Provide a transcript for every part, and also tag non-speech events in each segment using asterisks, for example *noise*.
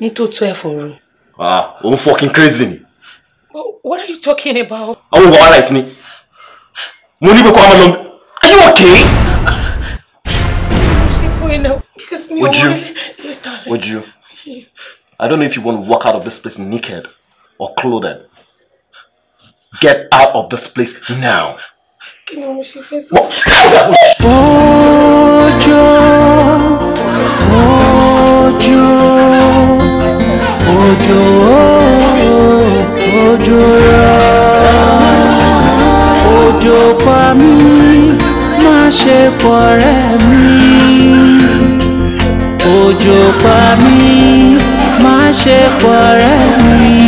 ní tó twelve òru. ah òun fucking crazy ni. what are you talking about. àwọn wàhálà ẹ̀ ti ni mo ní pé kó a are you okay. would you would you I don't know if you want to walk out of this place naked or clothed get out of this place now. kí ni mo ṣe òjò rọ̀ òjò pa mí má ṣe pọ̀rẹ́ mi òjò pa mí má ṣe pọ̀rẹ́ mi.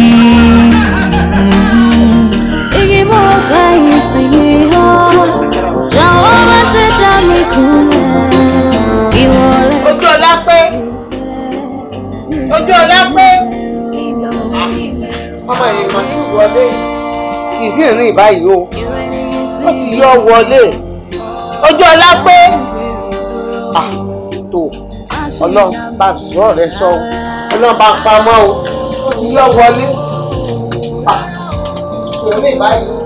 sì sí ìrìn báyìí o ó ti yọ wọlé ọjọ́ ọlá pé àtò ah, ọlọ́run bá sọ rẹ sọ o ọlọ́run bá pamọ́ o ó ti yọ wọlé àtò ah, ìrìn báyìí.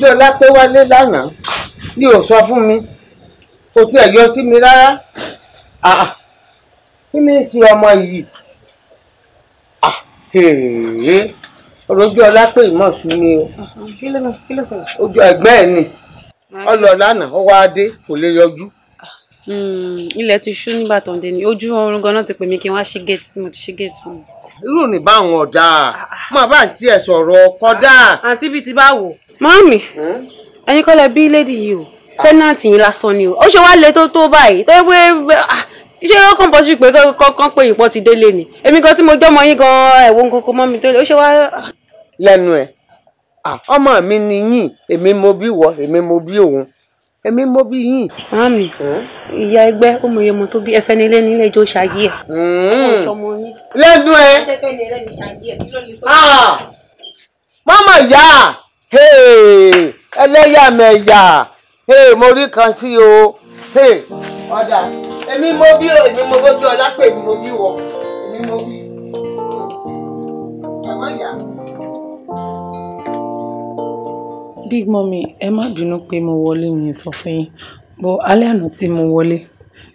ọjọ́ lápé wálé lánàá ni ò sọ fún mi kò tiẹ̀ yọ sí mi rárá kí ni í ṣe ọmọ yìí ọ̀rọ̀jọ́ lápé ìmọ̀sù ni o ojú ẹ̀gbẹ́ ẹ̀ ni ọlọ lánàá ọwọ́ adé kò lè yọjú. Hmm, ilẹ̀ ti ṣú nígbà tó ń dé ni ojú oorun ganan ti pè mí kí n wá ṣí géètì tí mo ti ṣí géètì fún mi. irú ni báwọn ọ̀dà ah, ah. máa bá àǹtí ẹ̀ sọ̀rọ̀ kọ́dà. àǹtí bíi ti bá wò Mami, hmm? ẹni kọ́ lẹ bí lady yìí o, ah. tẹ́nàntì yín lásán ni o. Ó ṣe wá le tó tó báyìí, tó pé ṣé ó kàn bọ́ sí pé kọ́kàn pé ìpọ́n ti délé ni. Èmi gan tí mo jọ́mọ yín gan ẹ̀wọ̀n kókó mọ́ mi tó lè, ó ṣe wá. Lẹ́nu ẹ̀, ọmọ mi ni yín, èmi mo bí wọ, èmi mo bí òun èmi mọ bí yín. mami hmm? ìyá ẹgbẹ́ ó mọ iye ọmọ tó bí ẹfẹ́ nílé nílé ìjọ ṣáyé ẹ̀. Hmm. lẹ́nu ẹ̀. mama ìyá ẹlẹ́yàmẹ̀yà mo rí kan sí o ọ̀dà èmi mo bí o èmi mo bójú ọlá pé èmi mo bí wọ èmi mo bí ẹ̀mọ́ ìyá. big mummy ẹ má bínú pé mo wọlé mi sọ fún yín bọ alẹ́ àná tí mo wọlé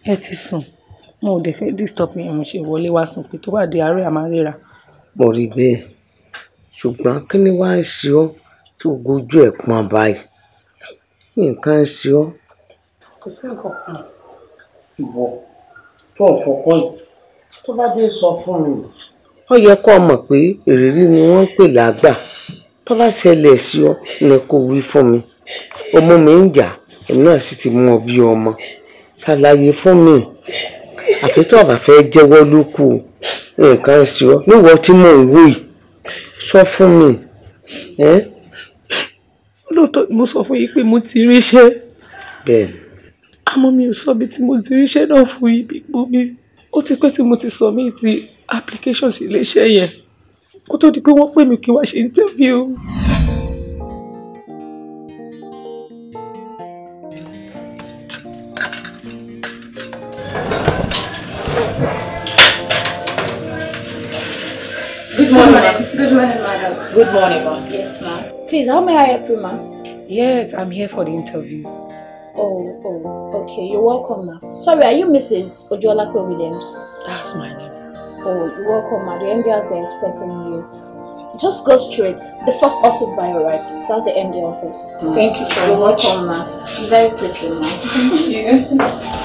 ẹ ti sùn mo ò dé fẹ́ disturb mi mo ṣe wọlé wá sùn pé tó bá di àárẹ̀ àmárẹ́ra. mo rí bẹ́ẹ̀ ṣùgbọ́n kí ni wàá ṣe ọ́ tó gojú ẹ̀ pọn báyìí nǹkan ń ṣe ọ́. kò sí nǹkan kan ìwọ tó ń fọkàn yìí tó bá dé sọ fún mi. ó yẹ kó o mọ̀ pé ìrírí ni wọ́n ń pè lágbà tó bá ṣẹlẹ̀ sí ọ ni kó wí fún mi ọmọ mi ń jà èmi náà sì ti mú ọ bí ọmọ ṣàlàyé fún mi àfi tó jẹ́wọ́ ló kù nǹkan ṣe ọ níwọ̀ tí mò ń wò yìí sọ fún mi. Eh? lóòótọ́ mo sọ fún yín pé mo ti ríṣẹ́. bẹ́ẹ̀ ni. àmọ́ mi ò sọ bí tí mo ti ríṣẹ́ náà fún yín bí mo mi ó ti pẹ́ tí mo ti sọ mí ti application sí iléeṣẹ́ yẹn kó tó di pé wọ́n pè mí kí wá ṣe interview. Good morning. Good morning, madam. Good morning, ma'am. Yes, ma'am. Please, how may I help you, ma'am? Yes, I'm here for the interview. Oh, oh, okay. You're welcome, ma'am. Sorry, are you Mrs. Ojolakwe Williams? That's my name. Oh, you're welcome, ma'am. The MD has been expecting you. Just go straight. The first office by your right. That's the MD office. Thank you so you're much. You're welcome, ma'am. Very pretty, ma'am. Thank you. *laughs*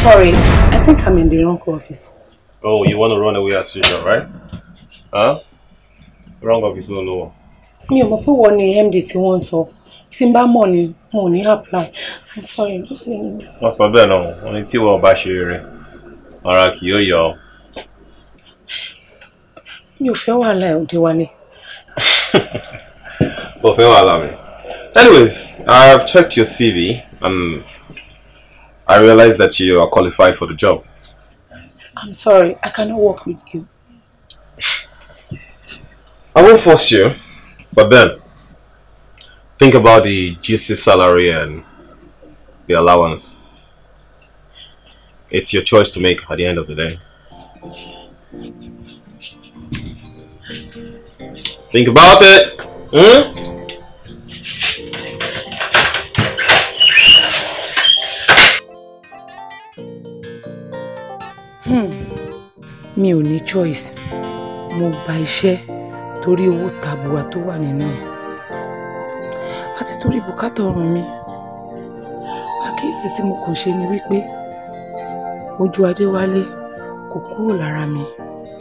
sorry. I think I'm in the wrong office. Oh, you want to run away as usual, right? Huh? Wrong office, no, no. Mi ò mọ̀ pé wọ́n one, MD tí wọ́n ń sọ. Tí n bá apply. I'm sorry, I'm just letting you. Wọ́n sọ bẹ́ẹ̀ náà, wọ́n ní tí wọ́n bá ṣe rẹ̀. Ara kì yóò yọ. Mi ò fẹ́ wàhálà ẹ̀ òde *laughs* Anyways, I've checked your CV and. I realize that you are qualified for the job. I'm sorry, I cannot work with you. I won't force you, but then think about the juicy salary and the allowance. It's your choice to make at the end of the day. Think about it. Hmm? Hmm. mi ò ní choice mo gba iṣẹ́ torí owó tabua tó wà nínú ẹ̀ àti torí bùkátà ọrùn mi àkíyèsí tí mo kàn ṣe ni wípé ojú adéwálé kò kúrò lára mi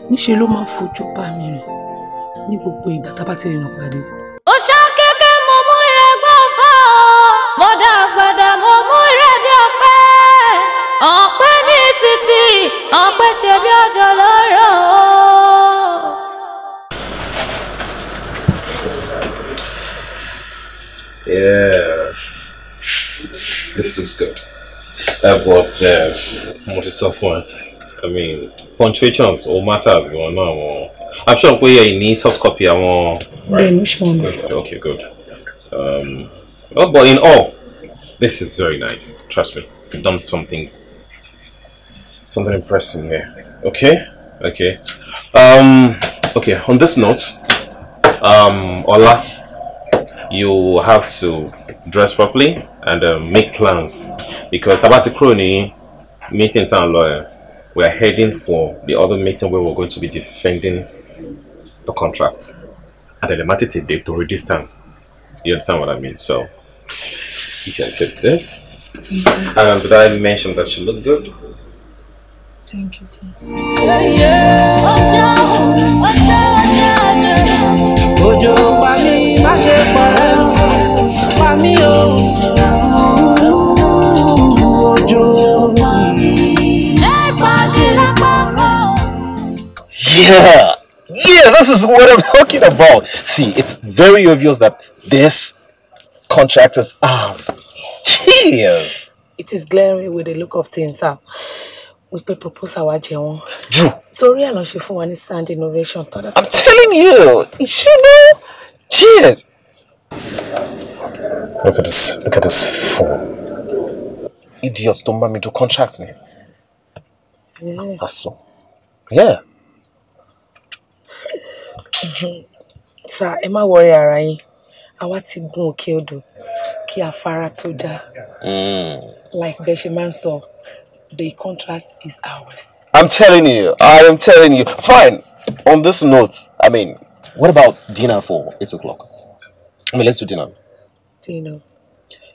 níṣe ló máa ń fojú bá mi rìn ní gbogbo ìgbà tá a bá ti rìnà pàdé. ó ṣáà Yeah, this looks good. I have uh, mo ti sọ fún ẹ, I mean, punctuations all matters gan naa wọn. I'm sure pé ẹ̀yin need soft copy àwọn. Bẹ́ẹ̀ ni ṣe Okay, good. Um, well, oh, but in all, this is very nice. Trust me, you've done something something impressive here. Okay, okay. Um, okay. On this note, um, Ola, you have to dress properly and uh, make plans because Tabati Crony meeting town lawyer. We are heading for the other meeting where we're going to be defending the contract at the to reduce distance. You understand what I mean? So you can keep this. Mm -hmm. And did I mention that she looked good? Thank you, sir. Yeah, yeah. this is what I'm talking about. See, it's very obvious that this contract is ours. Cheers. It is glaring with the look of things, sir. wípé proposal wa jẹ wọn. jù. torí ẹ̀ lọ ṣe fún wa ní standing ovation i'm telling you you know cheers. look at this look at this fool Idiots. Don't ń me to do Me. ni. aso yeah. sà ẹ má worry? ara yín àwa ti gun òkè odò kí afárá tó dá mm. like bẹ́ẹ̀ ṣe máa So the contrast is ours. I'm telling you. I am telling you. Fine. On this note, I mean, what about dinner for 8 o'clock? I mean, let's do dinner. Dinner.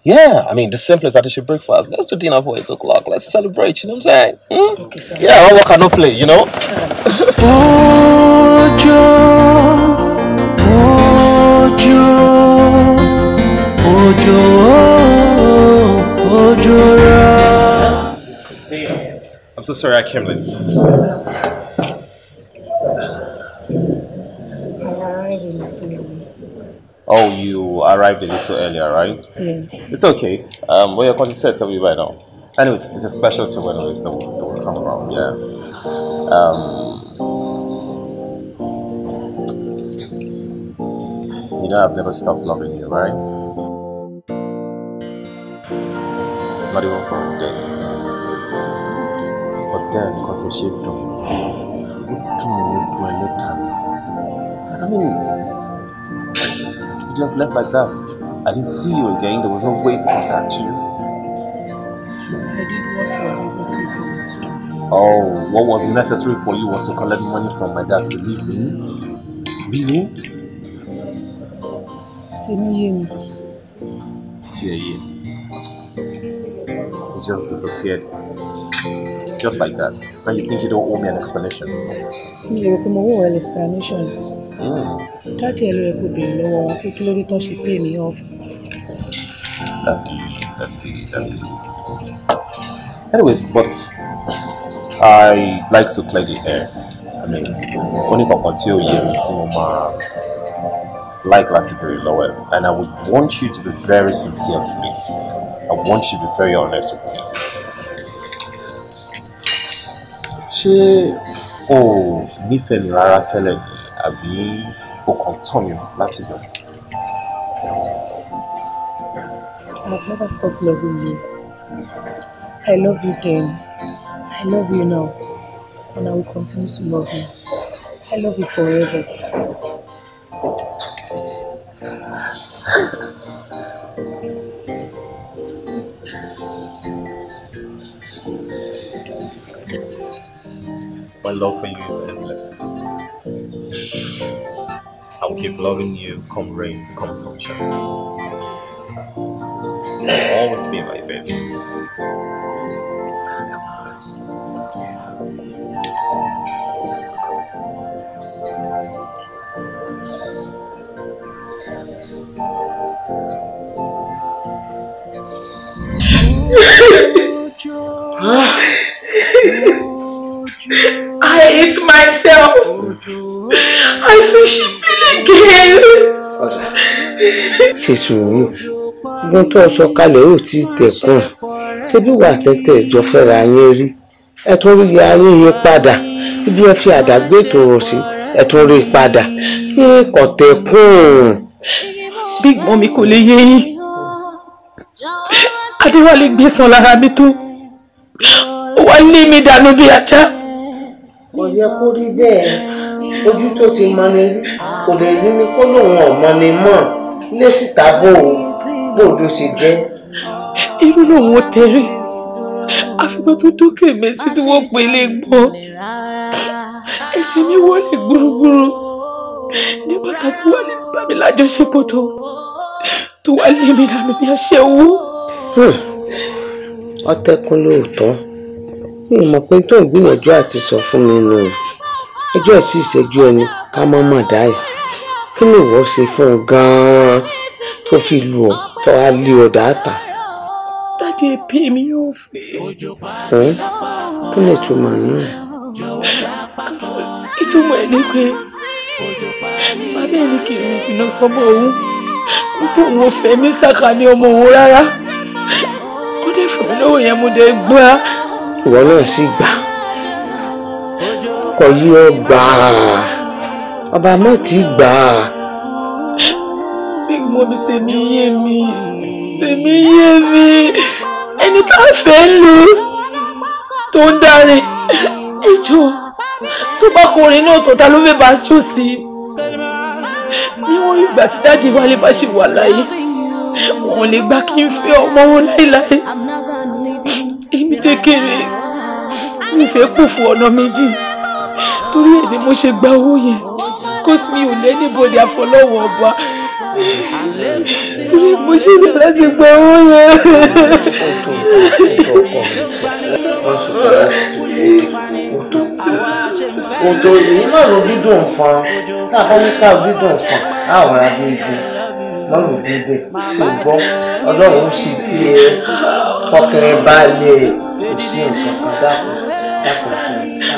Yeah, I mean, the simplest attitude breakfast. Let's do dinner for 8 o'clock. Let's celebrate, you know what I'm saying? Mm? Okay, sir. Yeah, all work and not play, you know? I'm so sorry, I came late. Oh, you arrived a little earlier, right? Yeah. It's okay. Um, well, your concert will be by now. Anyways, it's a specialty anyways that will, that will come around, yeah. Um, you know, I've never stopped loving you, right? Not even for a day then got a shape down. What do my left I mean, you just left like that. I didn't see you again. There was no way to contact you. I did what was necessary for you to. Oh, what was necessary for you was to collect money from my dad to leave me. Leave me? Tell Tear you. He just disappeared just like that. And you think you don't owe me an explanation? Mi rò pé mo wò well explanation. Hmm. Dáàdì ẹ ló yẹ kó béèrè lọ́wọ́ wọn pé kí pay me off. Dáàdì dáàdì dáàdì. Anyways, but I like to play the air. I mean, only ní kankan tí ó yẹ like láti béèrè and I would want you to be very sincere with me. I want you to be very honest with me. ṣé o ò nífẹ̀ẹ́ mi rárá tẹ́lẹ̀ ni àbí o kàn tàn mí láti bẹ̀rẹ̀? I've never stopped loving you. I love you then. I love you now. And I will continue to love you. I love you forever. love for you is endless. I will keep loving you come rain, come sunshine. You will always be my baby. Yeah. *laughs* ṣe sùúrù gbọ́n tó sọ kalẹ̀ yóò ti tẹ̀kùn ṣé bí wà tẹ́tẹ́ ìjọ fẹ́ra yín rí ẹ tún rí ayé yín padà bí ẹ fi àdá gbé tòrò sí ẹ tún rí padà yín kọ̀ tẹ̀kùn. bí ìgbọ́n mi kò lè yé yín adéwálé gbé san lára mi tó wọ́n lé mi dànù bí ajá. kò yẹ kó rí bẹ́ẹ̀ ojú tó ti mọni kò lè yí ni kó lóun ọ̀ mọni mọ́ ilé síta bò ó bò ló ṣe jẹ́. irú lòun tẹ̀rí àfihàn tó dókè mẹ́sì tí wọ́n pè lè gbọ́ ẹsẹ̀ mi wọlé gbúrúgbúrú nígbà tàbí wọ́n lè bá mi lájọṣepọ̀ tó tó wá lé mi dànù bí a ṣe wú. Hmm. ọtẹkùn lóòótọ́ mi ò mọ̀ pé tó ń gbìyànjú àti sọ fún mi nù ẹjọ́ ìsí ìṣẹ́jú ẹni ká mọ́ mọ̀ dáyà kí ni ìwọ ṣe fún un gan-an tó fi lù ọ́ tó wá lé ọ dáàtà. dáàdi èpè mi yóò fẹ́. ẹ kí ni ìtumọ̀ náà. ìtumọ̀ ẹ̀ ni pé bàbá ẹ̀ ní kì í bínú sọ́mọ òun wípé òun ò fẹ́ mí ṣàkà ní ọmọ òun rárá ó dé fún mi lówó yẹn mo dé gbà. ìwọ náà sì gbà kọ yí ọ gbàá bàbá má ti gbà á. bí mo ní tèmi yé mi tèmi yé mi ẹni tá a fẹ́ lu tó ń darí ìjọ tó bá kọrin náà tó ta ló fẹ́ bá jò sí níwọ̀n ìgbà tí dáàdi wálé bá ṣì wà láyé wọn lè gbà kí n fi ọmọ wọn láéláé èmi kékeré nífẹ̀ẹ́ kò fún ọ̀nà méjì torí ẹ̀ ni mo ṣe gba owó yẹn course mi ò lé anybody àfọlọ́wọ́ ọba mo ṣe ní láti gba owó yẹn. Òtò èyí náà ló dídùn fan, káàkọ́ ní káà dídùn fan, á ò ra dídùn lọ́rùn dídùn, ṣùgbọ́n ọlọ́run sì tiẹ̀ kọkẹrẹ balẹ̀ kò sí nǹkan kan dákun dákun fún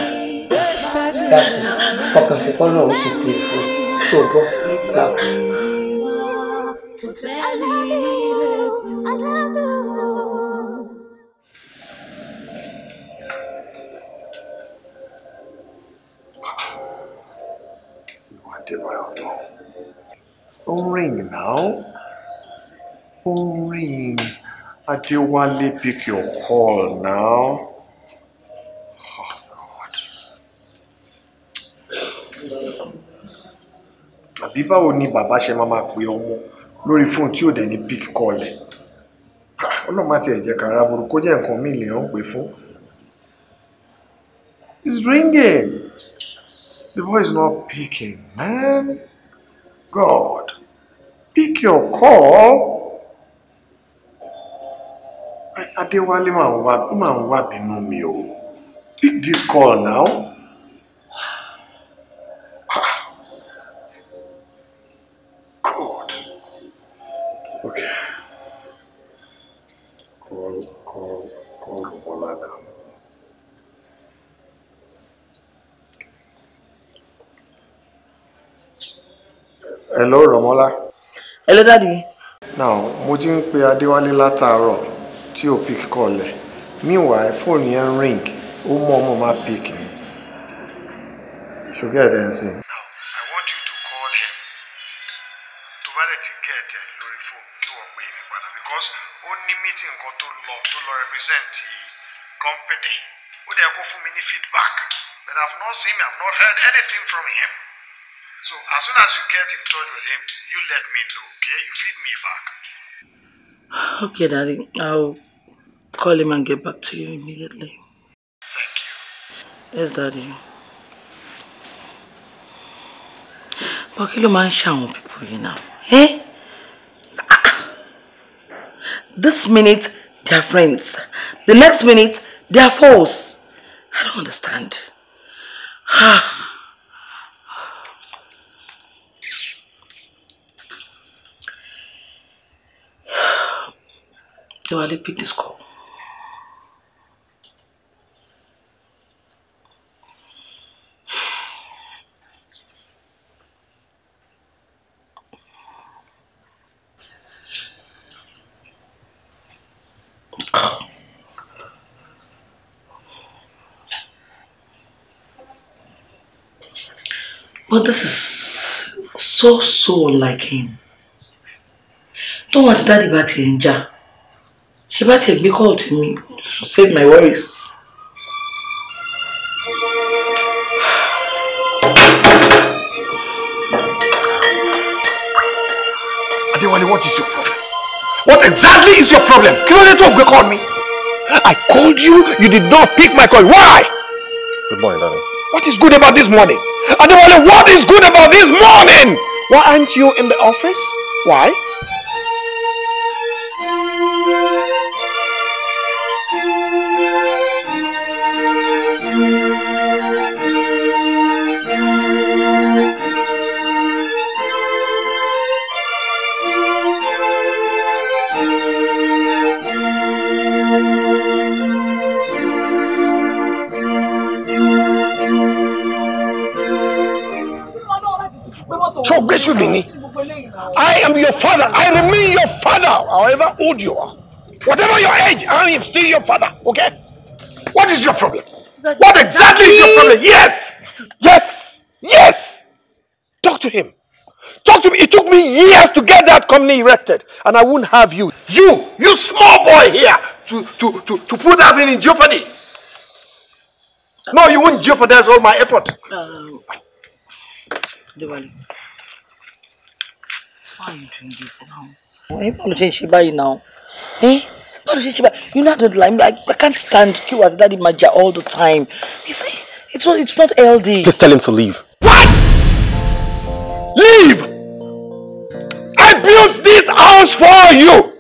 un dákun dákun. fọkàn sí I náà ti tì fún tó bọ́ Oh, Ring now. Ring. I do to pick your call now. àbí báwo ni bàbá ṣe máa máa pe ọmọ lórí fóònù tí ò dẹ̀ ní pick call ẹ̀ ah, ọlọ́run má tiẹ̀ jẹ́ kára burú kó jẹ́ nǹkan míì lè hàn pé fún. it's ringing the boy is not picking man god pick your call. adéwálé máa ń wá bínú mi o pick this call now. Hello, Romola. Hello, Daddy. Now, mo ti ń pe Adéwálé látàárọ̀ tí ò pick call ẹ̀. Meanwhile, phone yẹn ń ring, ó mọ̀ ọmọ máa pick me. Ṣùgbọ́n ẹ̀dẹ̀ ń Okay, Daddy. I'll call him and get back to you immediately. Thank you. Yes, Daddy. But kí ló máa ń ṣàwọn people yìí náà? Eh? Ah. This minute, they are friends. The next minute, they are foes. I don't understand. me pick this call. But this is so, so like him. Don't want daddy bá in ń ṣe bá tiẹ̀ gbé to me to save my worries. Adewale, what is your problem? What exactly is your problem? Kí you dé tó call me? I called you, you did not pick my call. Why? Good morning, darling. What is good about this morning? Adewale, what is good about this morning? Why aren't you in the office? Why? I am your father. I remain your father, however old you are. Whatever your age, I am still your father, okay? What is your problem? What exactly is your problem? Yes! Yes! Yes! Talk to him. Talk to me. It took me years to get that company erected, and I wouldn't have you. You, you small boy here, to, to, to, to put that thing in jeopardy. No, you wouldn't jeopardize all my effort. Um, why are you doing this now? Why you saying Shibai now? Eh? you saying Shibai? You know I don't like. I, I can't stand you at Daddy Maja all the time. If I, it's not. It's not LD. Please tell him to leave. What? Leave! I built this house for you.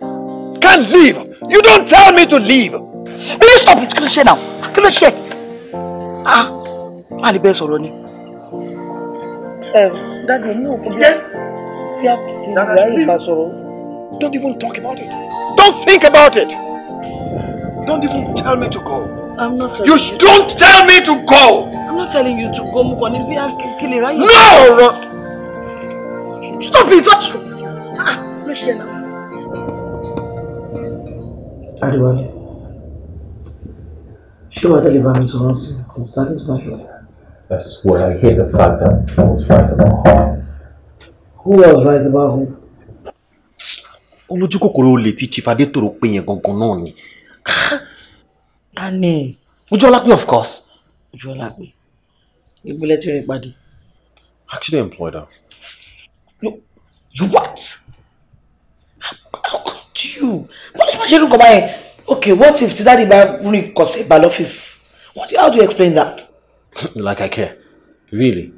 Can't leave. You don't tell me to leave. Will you stop it? Can I share now? Can I share? Ah, Alibes Oroni. Um, Daddy, no. Yes trapped in Larry Don't even talk about it. Don't think about it. Don't even tell me to go. I'm not telling you. You don't tell me to go. I'm not telling you to go, Mukwan. If we are killing right? No! Rod. Stop it! What's wrong with you? Ah, look here now. Adiwale, sure the Lebanese also could satisfy you. That's swear, I hate the fact that I was right about her. who was right about who. olójú kòkòrò olè tí chief adétòrò pé yẹn gangan náà ni. ta ni. of course. ojúọlápẹ ìgbélé tí ó rìn padì. actually employed her. you you what. how could you. What ti máa ṣe lóko okay what if today dáàdi bá rìn kọ̀ọ̀sẹ̀ bá lọ́fíìsì. how do you explain that. *laughs* like i care really.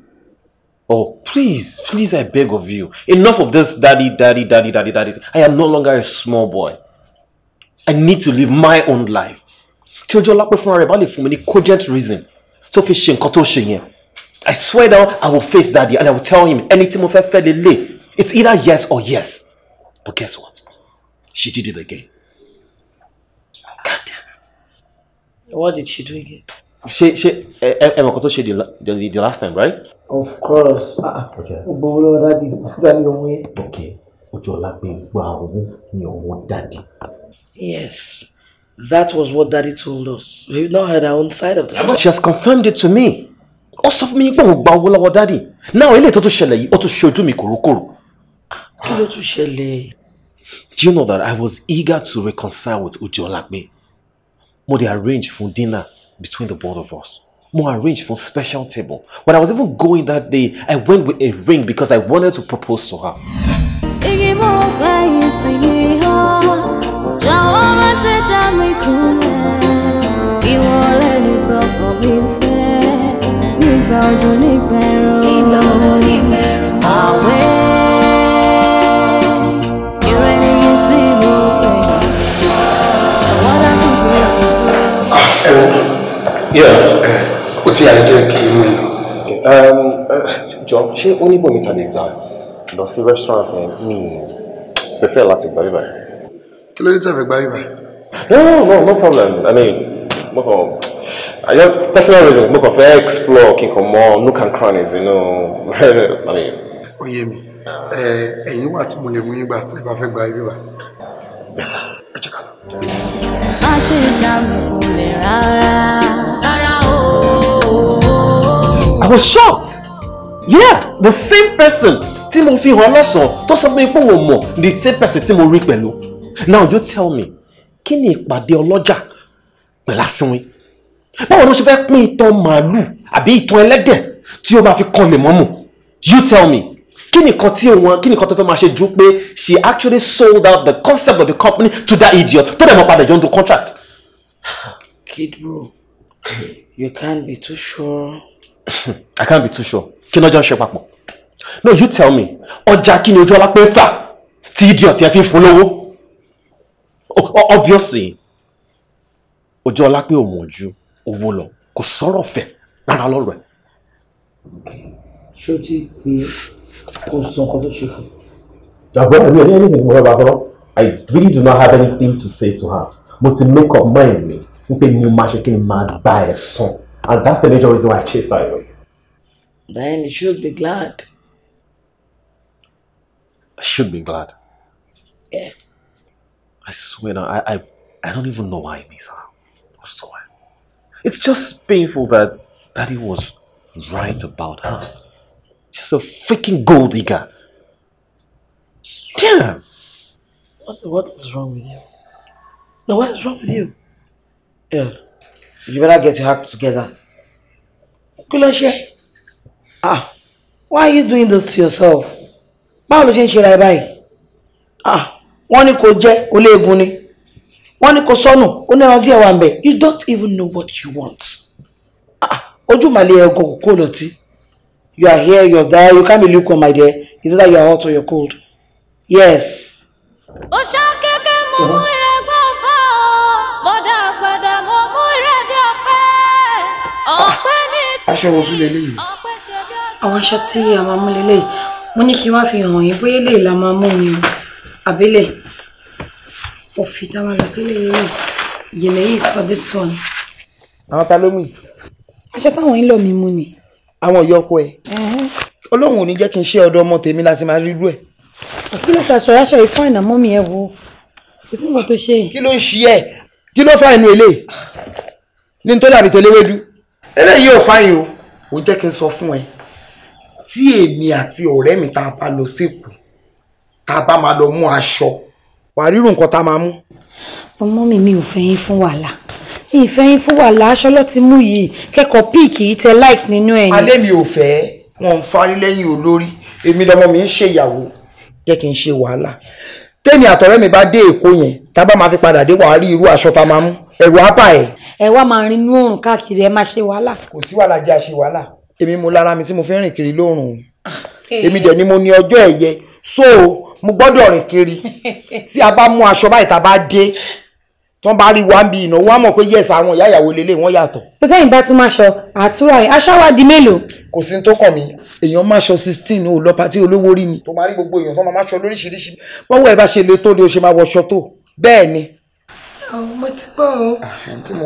Oh, please, please, I beg of you. Enough of this daddy, daddy, daddy, daddy, daddy. I am no longer a small boy. I need to live my own life. Till ọjọ́ lápẹ́ fúnra rẹ̀ bá lè fún cogent reason so fishing, ṣe nǹkan I swear down I will face daddy and I will tell him anything of fẹ́ fẹ́ It's either yes or yes. But guess what? She did it again. God damn it. What did she do again? She she ẹ ẹ mọ̀ kan tó ṣe the last time, right? of course ah, ah. gbogbo owó lọ́wọ́ dáàdì dáàdì ló mú yẹ. ok ojú ọlá pé gba owó ní ọwọ́ dáàdì. yes that was what daddy told us we've now heard our own side of the story. she has confirmed it to me ó sọ fún mi pé òun gba owó lọ́wọ́ dáàdì náà eléyìí tó tún ṣẹlẹ̀ yìí ó tún ṣe ojú mi kòrókòrò. Ah, kí ló tún ṣẹlẹ̀. do you know that i was eager to reconcile with ojú ọlá pé mo dey arrange for dinner between the both of us. More arranged for special table. When I was even going that day, I went with a ring because I wanted to propose to her. ó ti àyè jẹ́ kí n mú yàn. Um, jọ ṣé ó ní gbà lọ sí restaurant yẹn mi prefer láti gbà bíbá. kí ló dé tàbí gbà bíbá. no no no problem i mean mo kàn i just personal reasons mo kàn fẹ́ explore kí n kàn mọ nook and crannies you know *laughs* i mean. ó yé mi ẹ̀yin wà tí mo lè mú yín gbà tí ẹ bá fẹ́ gba ibi wa. bẹ́tà ẹ jẹ́ ká lọ. a ṣe ìjà mi kò lè rárá. I was shocked. Yeah, the same person tí mo fi hàn lọ́sàn-án tó sọ pé pé òun mọ̀ the same person tí mo rí pẹ̀lú. Now you tell me, kí ni ìpàdé ọlọ́jà pẹ̀lú asínwín? Báwo ló ṣe fẹ́ pín ìtàn màálù àbí ìtàn ẹlẹ́dẹ̀ tí ó máa fi kan lè mọ́mù? You tell me, kí nìkan tí wọn kí nìkan tó fẹ́ máa ṣe ju pé she actually sold out the concept of the company to that idiot tó dẹ̀ mọ́ padà jọ ń do contract. Kid bro, you can't be too sure. *coughs* I can't be too sure. Kí lọ́jọ́ ń ṣe papọ̀? No, you tell me. Ọjà kí ni ojú ọlá pé ń tà tí idiot yẹn fi ń fún lówó? Obviously, ojú ọlá pé òun ò ju owó lọ. Kò sọ̀rọ̀ fẹ̀ rárá lọ́rọ̀ ẹ̀. Ṣé o ti pe o sọ nǹkan tó ṣe fún? Àgbẹ̀ ẹ̀mí ẹ̀mí ẹ̀mí ìtumọ̀ bá sọ̀rọ̀. I really do not have anything to say to her. Mo ti make up mind mi wípé mi máa ṣe kí n máa gba ẹ̀san. And that's the major reason why I chased her away. Then you should be glad. I should be glad. Yeah. I swear now, I, I, I don't even know why I miss her. I swear. It's just painful that Daddy was right about her. She's a freaking gold digger. Damn! What, what is wrong with you? No, what is wrong with you? Yeah. You better get your act together kí ah why are you doing this to yourself báwo ló ṣe ń ṣe ra ẹ báyìí ah wọ́n ní kò jẹ́ oléegun ni wọ́n ní kò sọnù ó ní ẹran díẹ̀ wà ń bẹ̀ you don't even know what you want ah ojú màlẹ́ ẹ̀gọ́ kò kó lọ́tí you are here you are there you can't be lukewarm my dear is it that you are hot or you are cold yes. ó ṣá kéke mo mú rẹ gbọ́n fọ́ mo dàgbàdà mo mú rẹ dàpẹ́ ọ̀pẹ́ aṣọ wo tún leléyìí. àwọn aṣọ tí a máa mú leléyìí mo ní kí wá fi hàn yín bóyá lè la máa mú ni o àbílẹ̀ òfin tá a máa lọ sí leléyìí gèlè yìí for this one. àwọn ta ló mì. aṣọ táwọn yín lọ mi mú ni. àwọn ìyọkọ ẹ ọlọ́run ò ní jẹ́ kí n ṣe ọ̀dọ̀ ọmọ tèmi láti máa rí irú ẹ̀. kí ló ṣàṣọ aṣọ yìí fún ìnà mọ́mí ẹ wo kò sí nǹkan tó ṣe. kí ló ń ṣe ẹ kí ló fà inú ilé ní n tó dàbí tẹlẹwédú eléyìí ò fáyìn o ò jẹ́ kí n sọ fún ẹ tí èmi àti ọ̀rẹ́ mi tá a bá lọ síkù tá a bá máa lọ mú aṣọ wà á rírun nǹkan tá a máa mú. ọmọ mi mi ò fẹ́ yín fún wàhálà mi ì fẹ́ yín fún wàhálà aṣọ ló ti mú yìí kẹ́kọ̀ọ́ píìkì yìí tẹ láìf nínú ẹ̀ ni. alẹ́ mi ò fẹ́ wọn ń farí lẹ́yìn olórí èmi lọmọ mi ń ṣèyàwó jẹ́ kí n ṣe wàhálà tèmi mi bá dé èkó yẹn tá a bá fi padà dé wàá rí irú aṣọ tá a máa ẹ̀wọ̀ apá ẹ̀. ẹ wá máa rin inú oòrùn káàkiri ẹ máa ṣe wàhálà. kò sí wàhálà jẹ́ àṣe wàhálà èmi mo lára mi tí mo fi ń rìn kiri lóòrùn ah, èmi eh. dẹ̀ ni mo ní ọjọ́ ẹ̀yẹ so mo gbọ́dọ̀ rìn kiri *laughs* tí a bá mú aṣọ báyìí tá a bá dé tọ́n bá rí wa ń bi ìnáwó á mọ̀ pé yẹ̀sà àwọn ìyá ìyàwó lélẹ̀ wọ́n yàtọ̀. tẹ́tẹ́yìn bá tún máa ṣọ àtúrà yìí aṣáwá di mélòó. kò sí tó kàn mí èèyàn máa ṣọ sixteen o lọ pàtí olówó rí ni. tó máa rí gbogbo èèyàn tó máa máa ṣọ lóríṣiríṣi bọ́wọ́ ẹ bá ṣe lè tó ni o ṣe máa wọṣọ tó bẹ́ẹ̀ ni Oh, mo ti gbọ́ o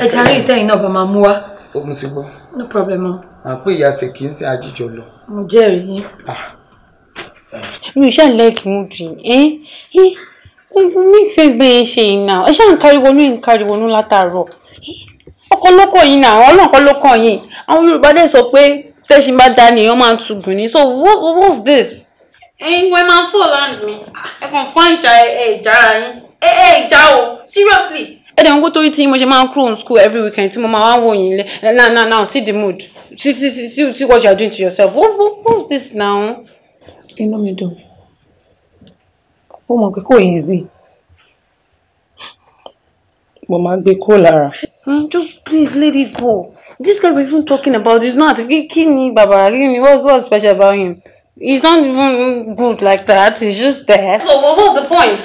ẹja rí ìtẹ́yìn náà bá máa mú wá. ó mo ti gbọ́. no problem o. àpò ìyá ṣe kì í ṣe àjíjọ lọ. mo jẹ́rìí yín. Ah. mi ò ṣáà lẹ́ẹ̀kì ń dùn ẹ́ make sense bẹ́ẹ̀ ṣe yìí náà ẹ ṣáà ń káriwo ní ń káriwo ní látàárọ̀ eh? ọkọ lóko yìí náà àwọn ọlọ́kọ lóko yìí àwọn Yorùbá dẹ̀ sọ pé tẹ́sí bá da nìyẹn máa tún gùn ní so what, what's this. ẹ̀yin eh, wẹ́n máa ń fò láǹdì mi ah, ẹ kàn fún àìsàn ẹ̀ ìjára yín ẹ̀ eh, ẹ̀ ìjà o. seriously. I don't go to tí mo ṣe máa ń school every weekend tí mo máa wá wò yín lẹ now now now see the mood see see see see, see what you are doing to yourself what, what, what's this now. know me too. ó mọ̀ pé kò easy mo máa be cooler. Mm, just please let it go this guy we even talking about is not kí ni bàbá kí ni what's what's special about him he's not even good like that he's just there. so what was the point.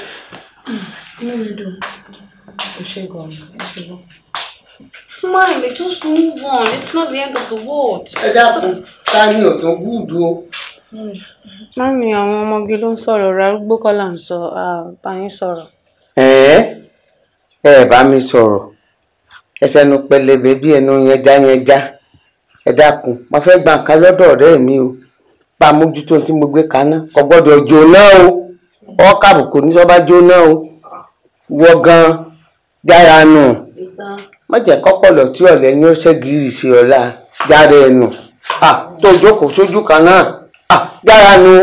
inú mi dùn kò ṣe gan-an ẹ ti lọ. smile just move on it's not the end of the world. ẹ dákun ta ni ọ̀tún gúùdù o. mami àwọn ọmọge ló ń sọ̀rọ̀ rárúgbó kọ́là ń sọ bá yín sọ̀rọ̀. ẹ ẹ bá mi sọ̀rọ̀ ẹsẹ̀ ẹnu pẹlẹbẹ bí ẹnu yẹn já yẹn já ẹ dákun mo fẹ́ gba nǹkan lọ́dọ̀ ọ̀rẹ́ mi o bá mójútó tí mo gbé kaná kò gbọ́dọ̀ jóná o ọkàbùkù ní sọ bá jóná o wọ gan dára nù má jẹ́ kọ́pọ̀lọ́ tí ọ̀lẹ́ ní ọ̀sẹ̀ gírì sí ọ̀la dára ẹnu tó jókòó sójú kan náà dára nù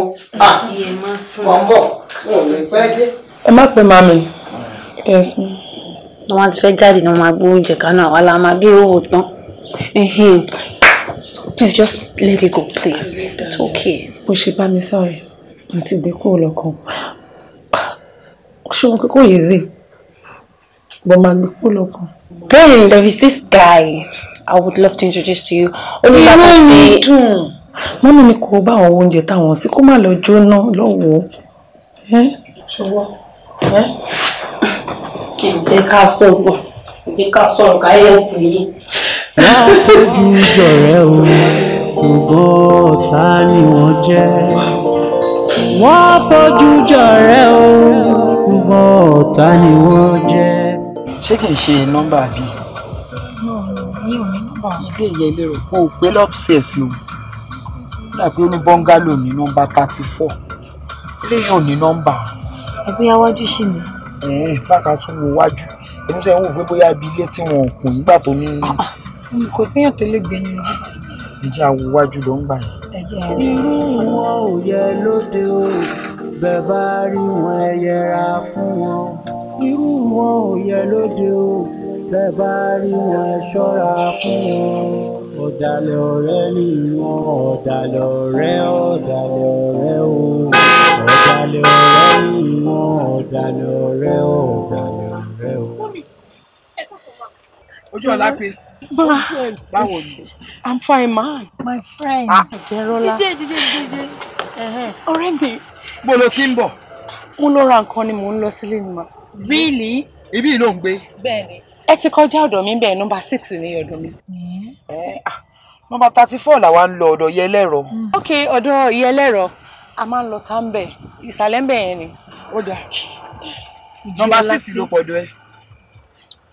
wọ́n bọ̀ wọn ò ní pẹ́ dé. ẹ má pè mami ẹ sìn. wọ́n wá ti fẹ́ jáde ní wọ́n máa gbó oúnjẹ kan náà wà láà máa dúró wò tán. So please just let it go please it's okay. bó ṣe bá mi sọ̀rọ̀ mo ti gbé kúrò lọ́kàn ṣùgbọ́n kókó yìí zì bọ́ máa gbé kó Then there is this guy I would love to introduce to you. Olùdàpọ̀ tí. Inú mi dùn. Mọ́mí ni kò bá àwọn oúnjẹ táwọn sí kó má lọ jóná lọ́wọ́. Ṣùgbọ́n kì í jẹ́ ká sọ̀rọ̀ ìdí ká sọ̀rọ̀ ká yẹ kù yìí. Máa fojú jọ̀rẹ́ o, gbọ́n ọ̀tá ni wọ́n jẹ́. ṣé kì í ṣe nọ́mbà bíi. mi ò ní nọ́mbà. ilé ìyá ilé rẹ̀ kó o pé lọ́pṣẹ̀s o nígbà pé ó ní bọ́ngálò ní nọ́mbà thirty four ilé yóò ní nọ́mbà. ẹgbẹ́ iwájú sí mi. ẹ̀ẹ́n báka tún wo wájú èmi sọ ìwọ̀n pé bóyá ibi ilé tí wọn ò kùn nígbà tó ní. kò síyàn tó lè gbé ni. ìjà wo wájú ló ń gbà yẹn. irú wọn ò yẹ lóde o bẹ́ẹ̀ bá rí wọn ẹ yẹra fún wọn irú wọn ò yẹ lóde o bẹ́ẹ̀ bá rí wọn ẹ ṣọ́ra fún wọn ọ̀dàlẹ̀ ọ̀rẹ́ ni wọn ọ̀dàlẹ̀ ọ̀rẹ́ ọ̀dàlẹ̀ ọ̀rẹ́ o ọ̀dàlẹ̀ ọ̀rẹ́ ni wọn ọ̀dàlẹ̀ ọ̀rẹ́ ọ̀dàlẹ̀ ọ̀rẹ́ o. ojú ọ̀la pé báwo ni. i'm fine ma. my friend. jẹ́rọ́lá. dídé dídé dídé ọ̀rẹ́ mi bó ló ti ń bọ̀. mo lọ ra nǹkan ni mò ń lọ sílé ni mà. really. ibi ló ń gbé. bẹ́ẹ̀ni ẹ ti kọjá ọ̀dọ̀ mi bẹ́ẹ̀ nọ́mbà six ní ọ̀dọ̀ mi. nọ́mbà thirty four làwa ń lọ ọ̀dọ̀ yẹlẹrọ. ok ọ̀dọ̀ yẹlẹrọ a máa ń lọ tá ń bẹ ìsàlẹ̀ ń bẹ yẹn ni. ó dáa nọ́mbà six ló pọ̀ dọ́ ẹ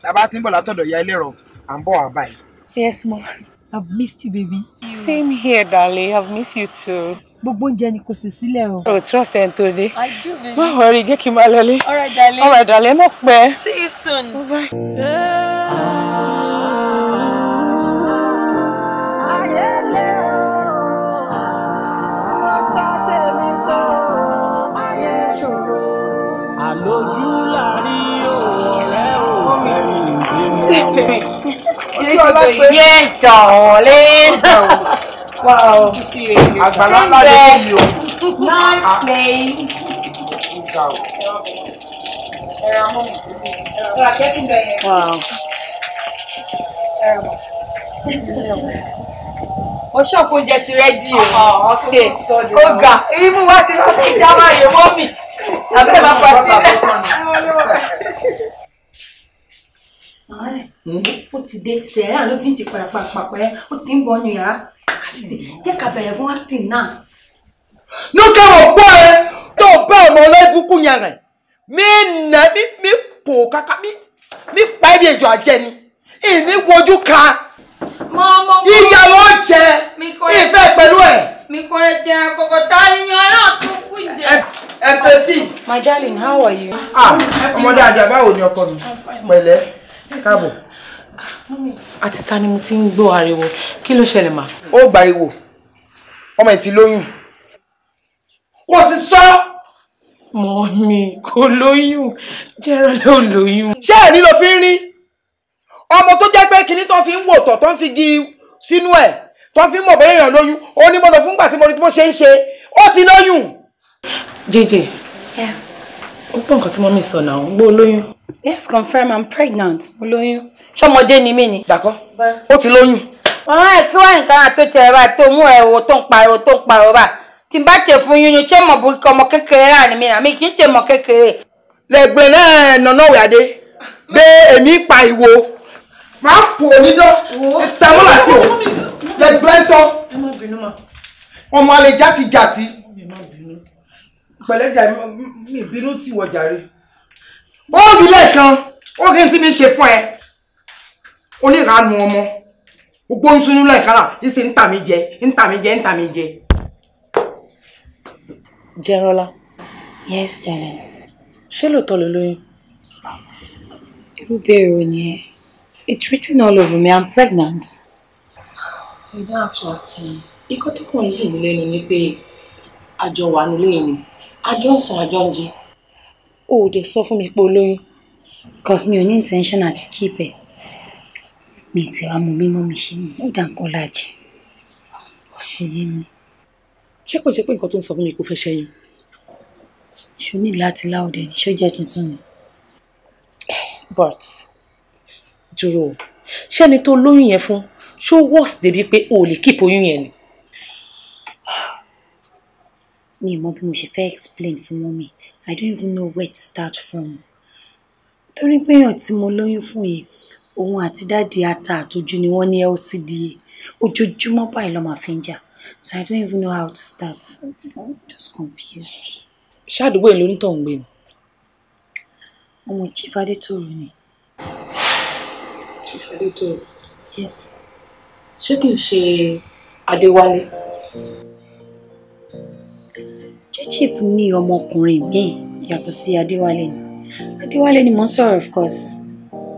tàbá ti ń bọ̀ látọ̀dọ̀ yẹlẹrọ à ń bọ̀ wá báyìí. yes ma. I've missed you baby. same here darling I've missed you too gbogbo oúnjẹ ni kò sì sílẹ̀ o. o oh, trust and tó dé má wọrí jẹ́ kí n máa lọlé ọ̀rọ̀ ìdàlẹ́ náà pẹ́. see you soon. àlòjù láàrí *laughs* àgbàlá ńlá lè fún mi o. nice ah. place. Wow. Mo ṣọ́ọ̀kù oúnjẹ ti rẹ́dí o. Ah, ah, Ó ga, imú wa ti lọ sí ìjà máa yẹ mọ́mì. Àbẹ́ máa pa sílẹ̀. Hmm? ó ti dé sẹ̀rẹ́ ló ti ń ti pàràpàpà ẹ́ ó ti ń bọ̀ ọ́nù yàrá jẹ́ ká bẹ̀rẹ̀ fún acting náà. ní ká gbọ́ ẹ tó bá ọmọ ọlọ́ìbùkún yẹn rẹ̀ mi nà mí mi pò káká mi mi pa ẹ̀mí ẹ̀jọ̀ àjẹni ìní wojú ka ìyàwó jẹ ìfẹ́ pẹ̀lú ẹ̀. mi kò lè jẹ àkókò tá a yan náà tún kú ìṣe. ẹ pèsè. my darling how are you. ah ọmọdé ajá báwo ni ọkọ mi pẹ̀lẹ́ káàbọ̀. àti ta ni mo ti ń gbọ́ ariwo kí ló ṣẹlẹ̀ mà. ó gbàriwo ọmọ ẹ̀ ti lóyún. kò sì sọ. mọ̀mí kò lóyún jẹ́rọ ló lóyún. ṣé ẹ̀rí ló fi ń rí ọmọ tó jẹ́ pé kinní tó fi ń wò tọ̀ tó ń fi gi sínú ẹ̀ tó fi ń mọ̀ bẹ́ẹ̀ èèyàn lóyún ó ní mo lọ fúngbà tí tí mo ṣe ń ṣe ó ti lóyún. jẹ́jẹ́. Yeah ó pọ̀ nǹkan tí mo mi sọ náà ń gbó olóyún. yes confirm i'm pregnant olóyún ṣọmọdé ni mí ni. dàkọ́ ó ti lóyún. ọ̀rọ̀ ah, ẹ̀ kí wọ́n nǹkan àtòjọ ẹ̀ bá tó mú ẹ̀ wò tó ń pariwo tó ń pariwo bá tí n bá tẹ̀ fún yíyún ṣé mọ̀ burúkú ọmọ kékeré rà ní mi náà mi kì í tẹ̀ mọ̀ kékeré. lẹ́gbẹ̀ẹ́ náà nànà òyàdé bẹ́ èmi pa ìwo máa pò nídọ́ ìtàmọ́lá sí ò lẹ́gbẹ̀ẹ́ tọ́ ọmọ àlè játijàti pẹ̀lẹ́jà mi ìbínú tí wọ́n jàre. ó lẹ́ẹ̀kan ó tí mi ṣe fún ẹ oníranú ọmọ gbogbo ń sunú lẹ́ẹ̀kára ìsìn ń tà mí jẹ ń tà mí jẹ ń tà mí jẹ. jẹrọlá yes darling ṣé lóòótọ́ ló lóyún irú bèrè ò ní ẹ it's written all over me i'm pregnant. so you don't have to ask me. ikọ́ tó kàn yìí nílé ni pé àjọ wà nílé yìí ni àjọ ń sùn àjọ ń jí. o ò dé sọ fún mi pé o cos mi ò ní intention àti keep ẹ mi ti wá mú mímọ́ mi ṣe mú ó dà ń kọ́ láàjì cos kò yé mi. ṣé kò ṣe pé nǹkan tó ń sọ fún mi kò fẹ́ ṣẹ́yìn. ṣo ní láti láòdẹ ní ṣó jẹ́ tuntun mi. but dúró ṣẹ́ni tó lóyún yẹn fún ṣó worse débi pé o ò lè keep oyún yẹn ni. Me, mọ bí mo ṣe explain for mommy. i don't even know where to start from. torí pé èèyàn tí mo lóyún fún yìí òun àti dáàdi ata àtọ́jú ni wọ́n ní LCDA ojoojúmọ́ báyìí lọ́ọ́ máa fi ń so i don't even know how to start i'm just confused. ṣáàdúgbò we ló ń tàn gbé ni. ọmọ chief adétòrò ni. chief adétòrò. yes. ṣé kìí ṣe adéwálé. Mm ṣé chief ní ọmọkùnrin míì yàtọ̀ sí adéwálé ni adéwálé ni mo ń sọ̀rọ̀ of course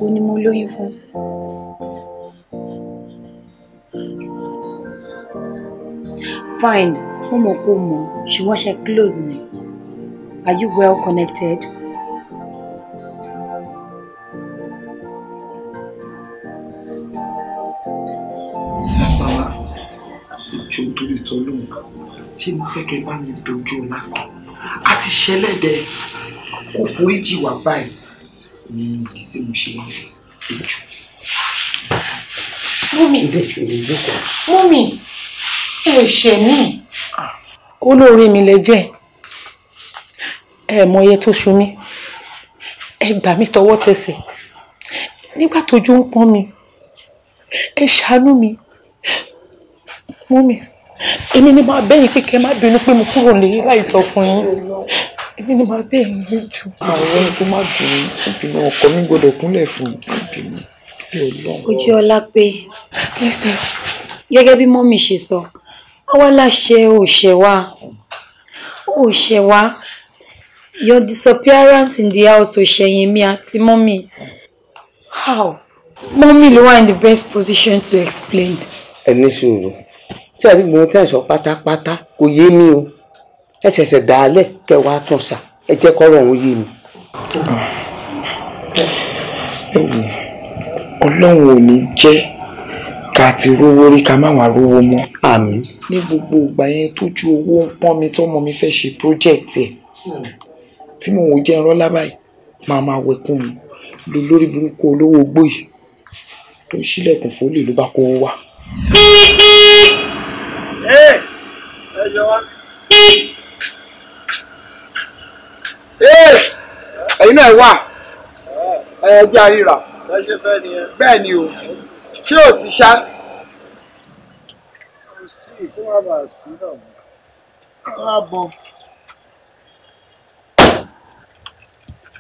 ó ní mo lóyún fún. fine mo mọ̀ pé o mọ̀ ṣùgbọ́n ṣe close ni are you well connected? mama ìjọ torí tọ́lọ́mù tí mo fẹ́ kẹ́ bá mi dojú ọ̀la a ti ṣẹlẹ́dẹ̀ kò foríjì wá báyìí ní ìdí tí mo ṣe wá dojú. mọ́mì ìdẹ́jọ́ ìdẹ́jọ́ mọ́mì ò ṣẹ̀ mí olóore mi lẹ jẹ́ ẹ mọyẹ tó ṣu mí ẹ gbà mí tọwọ́ tẹsẹ̀ nígbà tójú ń pọ́n mi ẹ ṣàánú mi mọ́mì èmi ni máa bẹ́yìn pé kẹ́ má bínú pé mo kúrò lè láì sọ fún yín èmi ni máa bẹ́yìn lójú. àwọn ẹni tó má bínú ìbínú ọkọ mi gbọ́dọ̀ kúnlẹ̀ fún ìbínú ojú ọlá pé gẹ́gẹ́ bí mọ́mì ṣe sọ àwa láṣẹ òṣẹ̀ wa òṣẹ̀ wa your disappearance in the house òṣẹ̀yìn mi àti mọ́mì how mọ́mì ló wà in the best position to explain. ẹ ní sùúrù tí àrí gbogbo tẹ̀sán pátápátá kò yé mi o ẹ ṣẹ̀ṣẹ̀ dàálẹ̀ kẹ wàá tún sà ẹ jẹ́ kọ́rọ̀ òun yé mi. ẹ wò ọlọ́run ò ní jẹ́ ká ti rówó rí ká má wàá rówó mọ́. àmín. ní gbogbo ìgbà yẹn tójú owó ń pọ́n mi tọ́mọ mi fẹ́ ṣe project ẹ̀ tí mo wò jẹ́ ẹ̀rọ lábàáyé máa máa wẹ̀kún mi lu lórí burúkú olówó gbòyè tó ń ṣílẹ̀kùn fólè ló bá kó wá ẹ yọ wá. ẹ̀yin náà wà ah. ẹ̀ẹ́dí àríra bẹ́ẹ̀ ni o ṣé o sì ṣá. kò sí kó má bàa sí náà kó má bọ̀.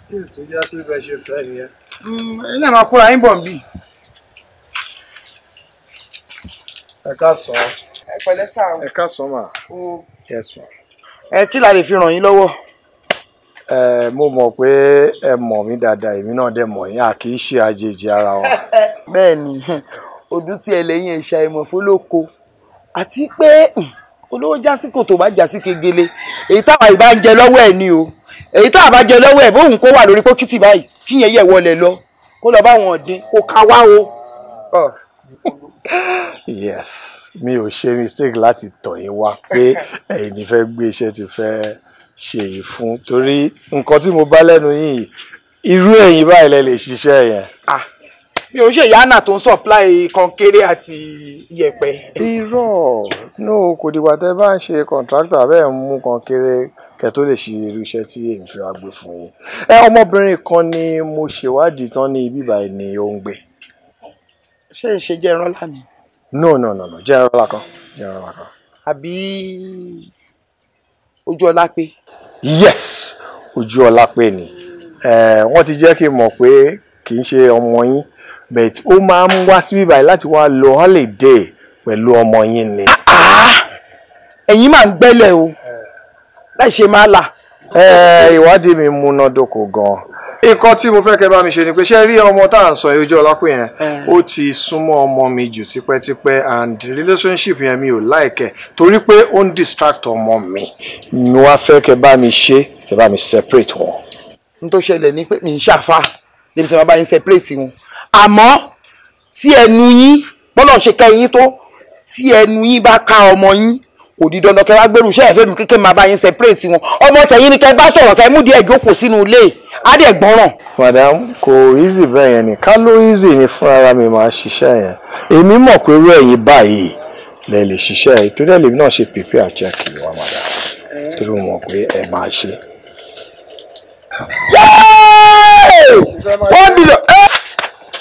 tó já sí bẹ́ẹ̀ ṣe fẹ́ mm, máa kóra yín bọ̀ ń ẹ ká sọ ọ́ ẹ pẹ̀lẹ́ sá o. yes ma. ẹ kí la lè fi ràn yín lọ́wọ́. ẹ mo mọ̀ pé ẹ mọ̀ mí dáadáa èmi náà dẹ̀ mọ̀ yín a kì í ṣe àjèjì ara wa. *laughs* bẹ́ẹ̀ ni ojú tí ẹlẹ́yìn ẹ̀ṣà ìmọ̀ fólóko àti pé hmm, olówó jásíkò tó bá jásí kegele èyí táwa ìbá ń jẹ lọ́wọ́ ẹ̀ ni o èyí táwa bá jẹ lọ́wọ́ ẹ̀ bóun kó wà lórí pókítì báyìí kíyẹn yẹ̀ wọlé lọ kó lọ bá wọn dín kó ká wá o. Oh. *laughs* yes mi ò ṣe mistake láti tọ̀ yín wá pé *laughs* ẹ̀yin ní fẹ́ gbé iṣẹ́ ti fẹ́ ṣe yìí fún torí nǹkan tí mo bá lẹ́nu yìí irú ẹ̀yin báyìí lẹ lè ṣiṣẹ́ yẹn. mi ò ṣe ìyáàna tó ń supply kọnkéré àti yẹ̀pẹ̀. irọ́ no kò dìgbà tẹ́ bá ń ṣe contractor abẹ́ ń mú kọnkéré kẹ́ tó lè ṣe irú iṣẹ́ tí èmi fi wá gbé fún yín. ẹ ọmọbìnrin kan ni mo ṣèwádìí tán ní ibí báyìí ni ó ń gbé. ṣé ìṣèjẹ́ ìrànlá mi no no no no General, ọlá kan jẹ́ ọlá àbí ojú ọlá pé. yes ojú ọlá pé ni eh, wọ́n ti jẹ́ kí n mọ̀ pé kì í ṣe ọmọ yín but ó máa ń wá síbí báyìí láti wá lo holiday pẹ̀lú ọmọ yín ni. Ah! ẹ̀yin máa ń gbẹ́lẹ̀ o eh. láì ṣe máa là. Eh, ìwádìí mi múná dóko gan-an nǹkan tí mo fẹ́ kẹ́ bá mi ṣe ni pé ṣé rí ọmọ tá à ń sọ ojú ọlápẹ́ yẹn ó ti súnmọ́ ọmọ mi jù tipẹ́tipẹ́ and relationship yẹn mi ò like ẹ̀ torí pé ó ń distract ọmọ mi mo wá fẹ́ kẹ́ bá mi ṣe kẹ́ bá mi separate wọn. n tó ṣẹlẹ̀ ni pé mi ń ṣàfà lèmi tí wọ́n bá yín separate wọn àmọ́ tí ẹnu yín bọ́lọ̀ ṣe ká yín tó tí ẹnu yín bá ká ọmọ yín kò di dandan kẹ́ wá gbèrú iṣẹ́ ìfẹ́ mi kékeré máa bá yín separate wọn ọmọ tẹ̀yìn ni kẹ́ bá sọ̀rọ̀ kẹ́ mú díẹ̀ jókòó sínú ilé yìí á dẹ̀ gbọ́ràn. madam kò easy bẹ́ẹ̀ yẹn ni ká ló easy ni fún ara mi máa ṣiṣẹ́ yẹn èmi mọ̀ pé irú ẹ̀yìn báyìí lẹ lè ṣiṣẹ́ yìí tó dẹ̀ lèmi náà ṣe pèpè àjẹkì wa madam torí mo mọ̀ pé ẹ máa ṣe. wọ́n dìlọ ẹ́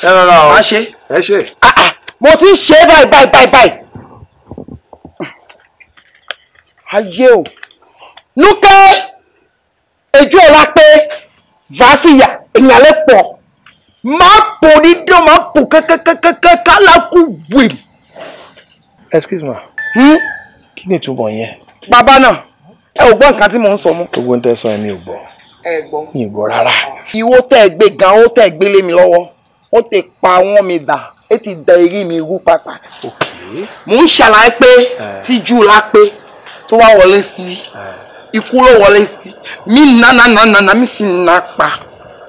ẹ rọra o máa ṣe ẹ ṣe. Ah, ah. mo ti ń ṣe báyìí báyìí báyìí báyìí. ayé o nùkẹ́ ẹjọ́ ọ̀la pé vàáfìyà èèyàn lè pọ̀ máa pò ní dán máa pò kẹ́kẹ́kẹ́kẹ́ kálákù wèrè. excuse me. Hmm? kí ni ìtumọ̀ yẹn. Baba na. ẹ ò gbọ́ nǹkan tí mò ń sọ mọ́. gbogbo ń tẹ́sán ẹ mi ò gbọ́. ẹ gbọ́. mi ò gbọ́ rárá. ìwọ tẹ ẹ gbé gan ó tẹ ẹ gbélé mi lọ́wọ́ ó ti pa wọ́n mi dà ó ti da eré mi rú pàpà. mò ń ṣàlàyé pé eh. tíjú la pé tó wá wọlé sí i. Eh. ikú ló wọlé mi na na na na mi si nà pa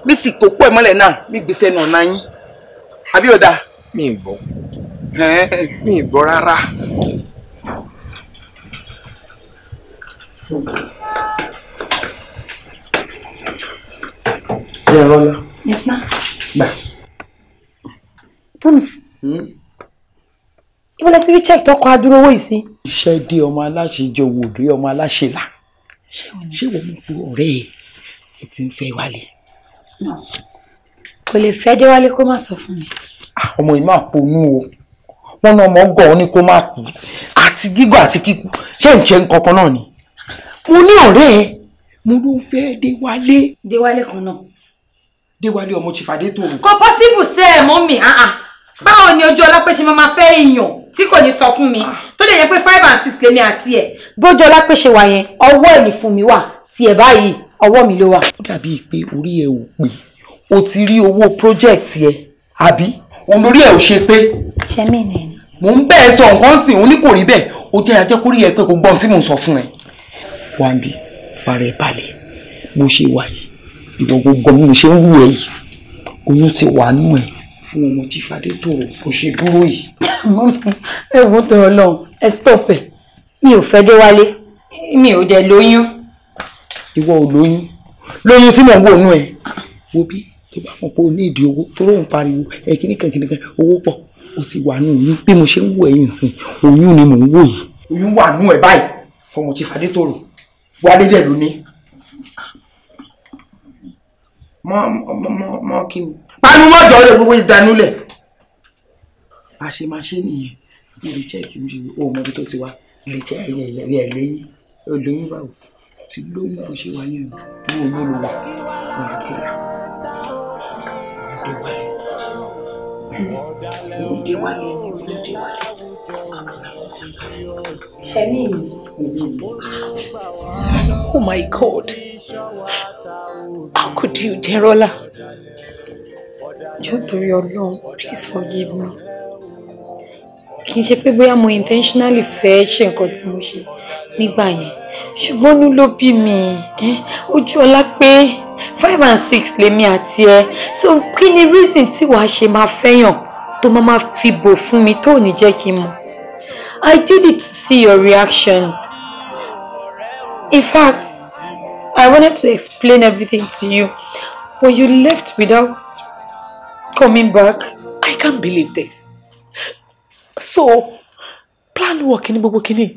mi sì kókó ẹ̀ mọ́lẹ̀ mi gbèsè nà ọ̀nà yín mi bo eh mi bo rara rárá. ṣé yes ma. Hmm? ibo ti check tọkọ adúrówó yìí sí. iṣẹ́ dé ọmọ aláṣẹ jẹ́ owó òdòyè ṣé wọ́n mú pé ọ̀rẹ́ ẹ̀ ti ń fẹ́ wálé. kò lè fẹ́ dé wálé kó má sọ fún mi. Ah, ọmọ yìí máa ponú o wọn náà mọ gọ ọ ní kó má kú àti gígọ àti kíkú ṣé n ṣe nǹkankan náà ni. mo ní ọ̀rẹ́ ẹ mo ló ń fẹ́ dé wálé. dé wálé kan náà. dé wálé ọmọ chifadé tó. kò pọ́sibù sẹ́ẹ̀ mọ́ mi. Ah, ah báwo ni ojú ọlápẹ ṣe máa fẹ́ èèyàn tí kò ní sọ fún mi ah. tó lè yẹ pé five and six lèmi àti ẹ̀ gbójú ọlápẹ ṣe wà yẹn ọwọ́ ẹ̀ ní fún mi wà tiẹ̀ báyìí ọwọ́ mi ló wà. ó dàbíi pé orí ẹ ò pé o ti rí owó project yẹ àbí òun lórí ẹ ò ṣe pé. ṣẹ́mi nìyẹn. mò ń bẹ́ẹ̀ sọ nǹkan sìn òun ní kò rí bẹ́ẹ̀ o jẹ́ ajẹ́kórí ẹ pé kò gbọ́n tí mò ń sọ fún ẹ. wambi fara ẹ balẹ̀ bó ṣe wà yìí ìwọ gbogbo mi ò ṣe ń wù ẹ yìí oyún ti wà nù ẹ fún ọmọ tí Fadétòrò kò ṣe dúró yìí. ẹ wo tọrọ lọhùn ẹ stop mi ò fẹ́ dé wálé mi ò dẹ̀ lóyún. ìwọ ò lóyún lóyún tí mò ń wò nú ẹ wo bí tó bá mọ̀ pé o ní ìdí owó tó lóun pariwo ẹ kíníkan kíníkan owó pọ̀ o ti wà nù oyún bí mo ṣe ń wò ẹ̀yìn sìn oyún ni mò ń wò yìí. oyún wà nù ẹ báyìí fọmọ tí Fadétòrò wálé dẹ̀ lóní. mọ mọ mọ mọ kí ni panumọ́jọ́ rẹ̀ gbogbo ìdánulẹ̀ bá ṣe máa ṣe nìyẹn mo lè jẹ́ kí n rí ohun ọdún tó ti wá mo lè ẹ̀yẹ ẹ̀yẹ olóyún báwo ti lóyún bó ṣe wáyé mi ní òun ló wà wọn á Oh my God. How could you, Derola? jọ̀ọ́ torí Ọlọ́run please forgive me kì í ṣe pé bóyá mo intentionally fẹ́ ṣe nǹkan tí mo ṣe nígbà yẹn ṣùgbọ́n inú ló bí mi ojú ọlá pé five and six lèmi àti ẹ so kí ni reason tí wàá ṣe máa fẹ́yàn tó máa máa fi bò fún mi tó ò ní jẹ́ kí n mọ̀ I did it to see your reaction in fact I wanted to explain everything to you but you left without coming back? I can't believe this. So, plan work in gbogbo kini.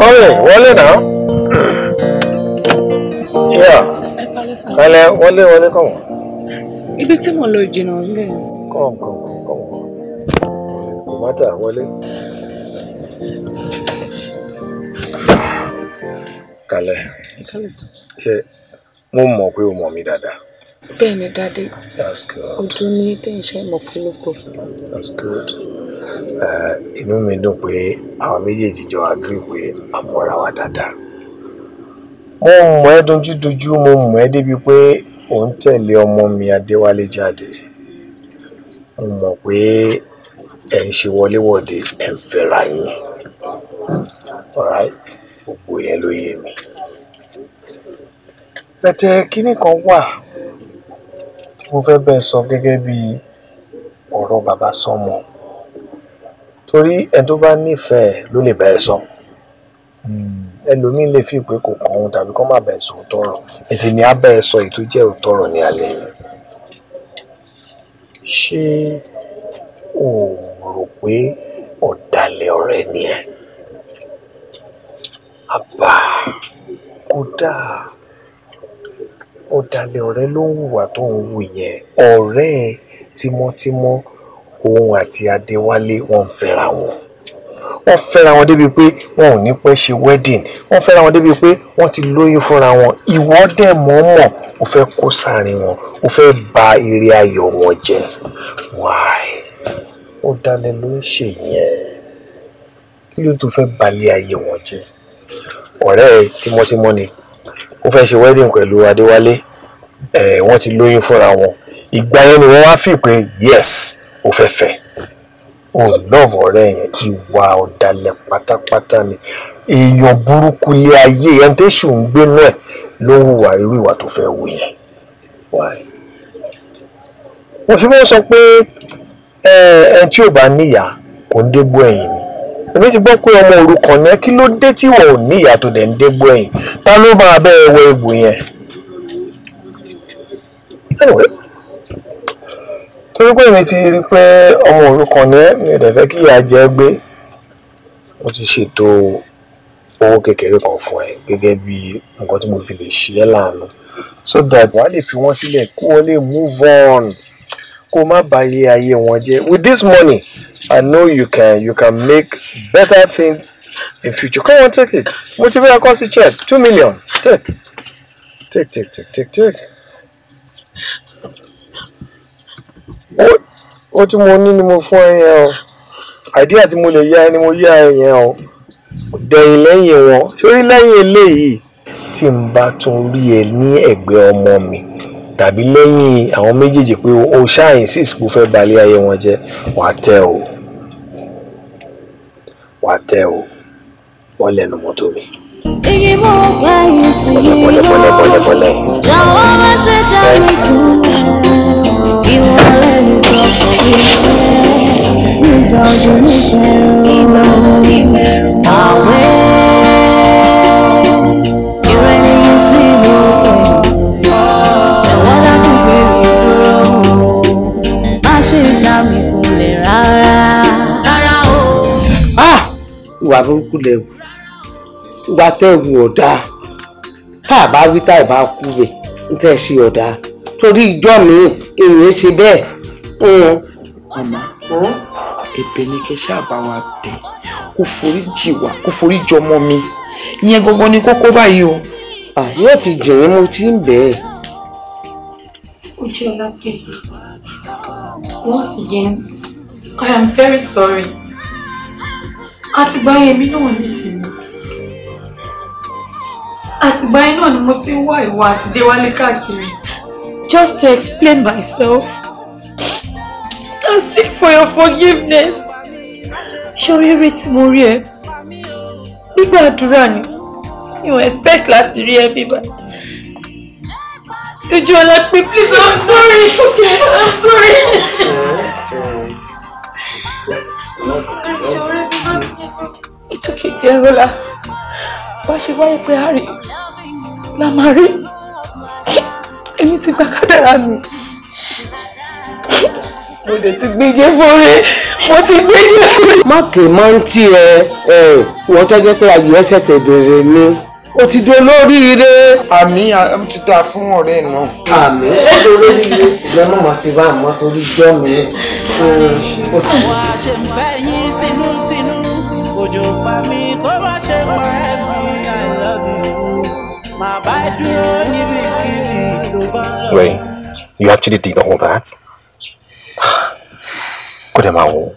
Wọlé, wọlé Pẹ̀lẹ́ wale wọlé kọ̀wọ̀. Ibi tí mo lọ jìnnà lé. Kọ̀wọ̀n kọ̀wọ̀n kọ̀wọ̀n wọlé kò mátà wọlé. Kalẹ̀. Ṣé mo mọ̀ pé o mọ̀ mí dáadáa? Bẹ́ẹ̀ni dáadé. That's good. Ojú ní téńṣẹ́ mọ̀ fún lóko. That's good. Eh, inú mi dùn pé àwọn méjèèjì jọ agree pé wa dáadáa. mo mọ̀ ẹ́ dojúdojú mo mọ̀ ẹ́ débi pé ò ń tẹ̀lé ọmọ mi adéwálé jáde mo mọ̀ pé ẹ̀ ń ṣe wọléwọ̀de ẹ̀ ń fẹ́ra yín ọ̀rá gbogbo yẹn ló yé mi pẹ̀tẹ́ kínní kan wà tí mo fẹ́ bẹ́ẹ̀ sọ gẹ́gẹ́ bí ọ̀rọ̀ bàbá sọmọ torí ẹ̀ tó bá nífẹ̀ẹ́ ló lè bá ẹ sọ. Hmm ẹlòmíín lè fi pé kò kàn òun tàbí kó má bẹ̀ẹ̀ sọ òótọ́ ọ̀rọ̀ ètè mi á sọ èyí tó jẹ́ òótọ́ ọ̀rọ̀ ní alẹ́ yìí. ṣé o rò pé ọ̀dàlẹ̀ ọ̀rẹ́ ni ẹ́? àbá kò dáa ọ̀dàlẹ̀ ọ̀rẹ́ ló ń hùwà tó ń hù yẹn ọ̀rẹ́ tímọ́tímọ́ òun àti adéwálé wọ́n ń fẹ́ra wọn wọ́n fẹ́ra wọn débi pé wọn ò ní pẹ́ ṣe wedding wọ́n fẹ́ra wọn débi pé wọ́n ti lóyún fúnra wọn ìwọ dẹ̀ mọ̀ọ́mọ̀ o fẹ́ kó sáàrin wọn o fẹ́ ba ire ayọ̀ wọn jẹ́ wáì ó dalẹ̀ ló ń ṣe yẹn kí ló tó fẹ́ balẹ̀ ayé wọn jẹ́ ọ̀rẹ́ ẹ tímọ́tímọ́ ni O fẹ́ ṣe wedding pẹ̀lú Adéwálé ẹ̀ wọ́n ti lóyún fúnra wọn ìgbà yẹn ni wọ́n wá fi pé yes o fẹ́ fẹ́ ọlọ́ọ̀fọ̀ ọ̀rẹ́ yẹn ìwà ọ̀dàlẹ̀ pátápátá ni èèyàn burúkú ilé ayé yẹn tẹ́sù ń gbé náà ló ń hùwà irú ìwà tó fẹ́ wù yẹn. mo fi wọ́n sọ pé ẹ tí ò bá níyà kò ń dégbò ẹ̀yìn ni èmi ti gbọ́ pé ọmọ òrukàn yẹn kí ló dé tí wọn ò níyà tó dẹ̀ ń dégbò ẹ̀yìn ta ló máa bẹ́ ẹ wọ egbò yẹn torí pé èmi ti rí pé ọmọ òrukàn ní mi ò dẹ̀ fẹ́ kí ìyá jẹ gbé mo ti ṣètò owó kékeré kan fún ẹ gẹ́gẹ́ bí nǹkan tí mo fi lè ṣe ẹ́ láàánú so that wàá lè fi wọ́n sílẹ̀ kó wọ́n lè move on kó má bà ilé ayé wọn jẹ́ with this money I know you can you can make better thing in future come on take it mo ti fẹ́ kọ́ check two million take take take take take take. ó tí mo ní ni mo fún ẹ yẹn o àìdíyà tí mo lè yá ẹ ni mo yá ẹ yẹn o dẹ̀yìn lẹ́yìn wọn sórí lẹ́yìn eléyìí tí n bá tún rí ẹ ní ẹ̀gbẹ́ ọmọ mi tàbí lẹ́yìn àwọn méjèèjì pé o ṣáàyìn sí ìsìnkú fẹ́ balẹ̀ ayé wọn jẹ́ wàá tẹ́ o wàá tẹ́ o wọ́n lẹ́nu mọ́tò mi. igi mo yìí ti yí lọ. kulẹ̀ wù wá tẹ̀wù ọ̀dà tá a bá wí tá a bá kú bẹ̀ ń tẹ̀ ṣe ọ̀dà torí ìjọ mi èèyàn ṣe bẹ́ẹ̀. màmá ẹ̀bẹ̀ ni kẹ́ ṣáàbà wa bẹ̀ kó foríjì wá kó foríjì ọmọ mi ìyẹn gangan ni kókó báyìí o. yóò fi jẹ̀yìn mo ti ń bẹ̀ ẹ́. Ojúọlápẹ̀ once again I am very sorry àtìgbà yẹn mi náà nísìnyí àtìgbà yẹn náà ni mo ti ń wá ìwà àti Déwálé káàkiri just to explain myself I seek for your forgiveness ṣoríire tí mo rí ẹ gbígbàdúrà ni mi ò expect láti rí ẹ bíbá. Ojú ọlá pé please I'm sorry okay I'm sorry. I'm *laughs* sorry. It's okay, wá ṣe wáyé pé àárí la máa rí èmi Anything gba kádàrá mi mo dẹ̀ ti gbéjé fórí mo ti gbéjé fórí. má kè má ń tí ẹ ẹ wọ́n tó jẹ́ pé àjùlọ ṣẹ̀ṣẹ̀ bẹ̀rẹ̀ ni o ti di olóríire. àmì àmì ti dáa fún ọ̀rẹ́ náà. àmì olóríire. ìjọba máa ti bá àmọ́ torí jọ́ mi. kòjò pa mí kó ṣe pa I love you bá bá you actually did all that? kó dẹ̀ máa wò ó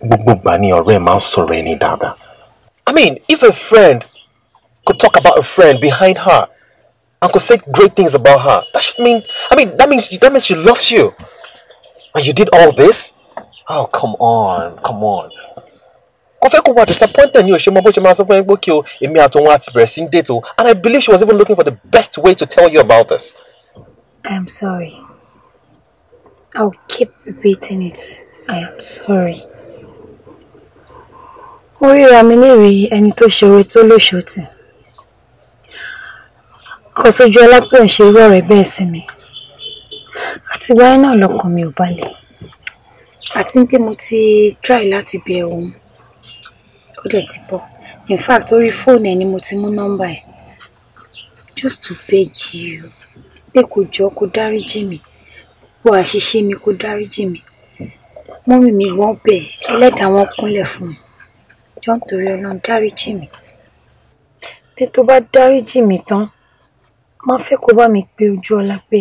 gbogbo gbà ni ọ̀rẹ́ máa ń sọ̀rọ̀ I mean, if a friend could talk about a friend behind her and could say great things about her. That should mean, I mean, that means that means she loves you, and you did all this. Oh, come on, come on. kò fẹ́ kó wà disappointed ní òṣèmọ bó ṣe máa sọ fún yín pé kí o èmi àti òun àti bẹ̀rẹ̀ sí ń date and I believe she was even looking for the best way to tell you about this. I'm sorry. I'll keep repeating it. I am sorry. Mo ríra mi lérí ẹni tó ṣeré tó lóṣòó tì. Kò sójú ọlápẹ̀ ń ṣe irú ọ̀rẹ́ bẹ́ẹ̀ sí mi. Àtìgbà yẹn náà lọkàn mi ò balẹ̀. Àti pé mo ti try láti bẹ òun ó dẹ̀ ti bọ̀ in fact orí fóònù ẹ̀ ni mo ti mú nọ́mbà ẹ̀ just to beg you pé kò jọ kó dáríjì mi gbogbo àṣìṣe mi kó dáríjì mi mọ́mì mi wọ́n bẹ̀ ẹlẹ́dàá wọn kúnlẹ̀ fún mi jọ ń torí ọlọ́run dáríjì mi. tí tó bá dáríjì mi tán máa fẹ́ kó bá mi pé ojú ọlá pé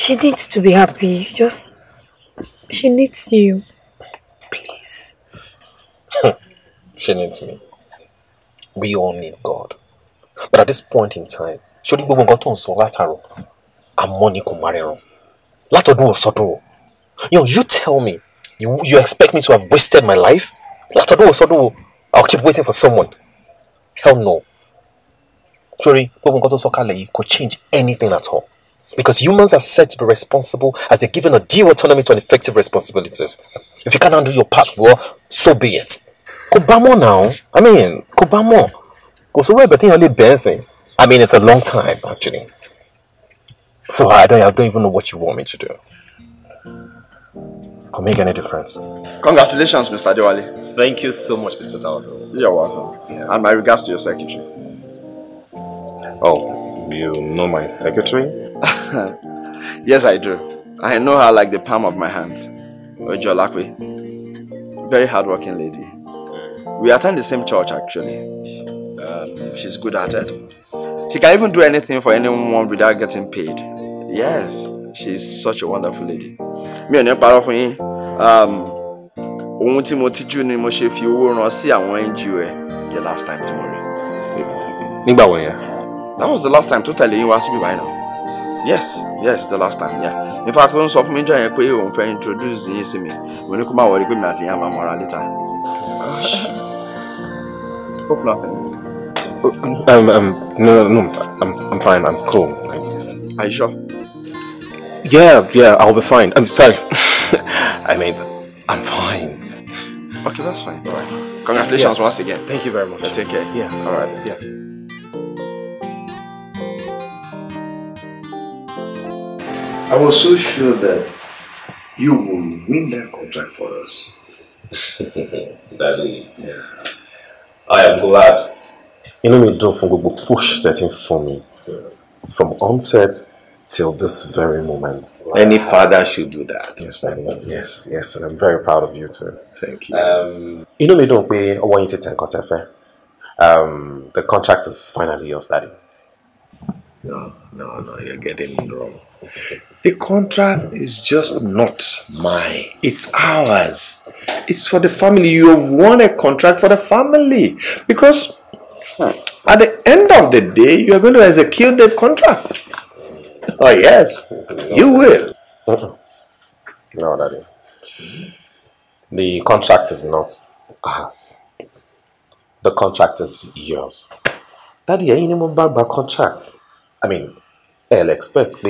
she needs to be happy you just she needs you please. *laughs* she needs me. We all need God. But at this point in time, ṣorí gbogbo nǹkan tó ń sọ látàrọ àmọ́ ni kò má rẹ̀rùn látọdún ò you know you tell me you you expect me to have wasted my life látọdún ò sọdún o sodun i will keep waiting for someone hell no ṣorí gbogbo nǹkan tó sọ kalẹ̀ change anything at all because humans are said to be responsible as they're given a due autonomy to effective responsibilities. If you can't handle your part well, so be it. Kobamo now. I mean, Kobamo. I mean, it's a long time, actually. So I don't, I don't even know what you want me to do. Could make any difference. Congratulations, Mr. Diwali. Thank you so much, Mr. Dawado. You're welcome. Yeah. And my regards to your secretary. Oh, you know my secretary? *laughs* yes, I do. I know her like the palm of my hand. Ojolakwe. Very hardworking lady. We attend the same church actually. Um, she's good at it. She can even do anything for anyone without getting paid. Yes, she's such a wonderful lady. Me ò ní parọ́ fún yín. Ohun tí mo tijú ni you ṣe fi see rán NGO the last time tomorrow. That was the last time Totally, you yín me síbí now. Yes, yes, the last time, yeah. In fact, when ń sọ fún mi you yẹn pé òun introduce you see me. When you come out, wọrí pé mi àti á máa Gosh. Hope nothing. Oh, um, um, no, no, no, I'm, I'm fine, I'm cool. Are you sure? Yeah, yeah, I'll be fine. I'm sorry. *laughs* I mean, I'm fine. Okay, that's fine. All right. Congratulations yeah. once again. Thank you very much. Take care. Yeah. All right. Yeah. I was so sure that you would win that contract for us. Daddy, *laughs* yeah. I am glad. You know, me, do from to push that in for me. From onset till this very moment. Wow. Any father should do that. Yes, Daddy. Yes, yes. And I'm very proud of you too. Thank you. Um, you know, me, don't pay one to ten Um The contract is finally yours, Daddy. No, no, no. You're getting it wrong. The contract is just not mine, it's ours. It's for the family. You have won a contract for the family because at the end of the day, you are going to execute the contract. *laughs* Oh, yes, you will. *laughs* No, Daddy. The contract is not ours. The contract is yours. Daddy, I need to contract. I mean, I'll expect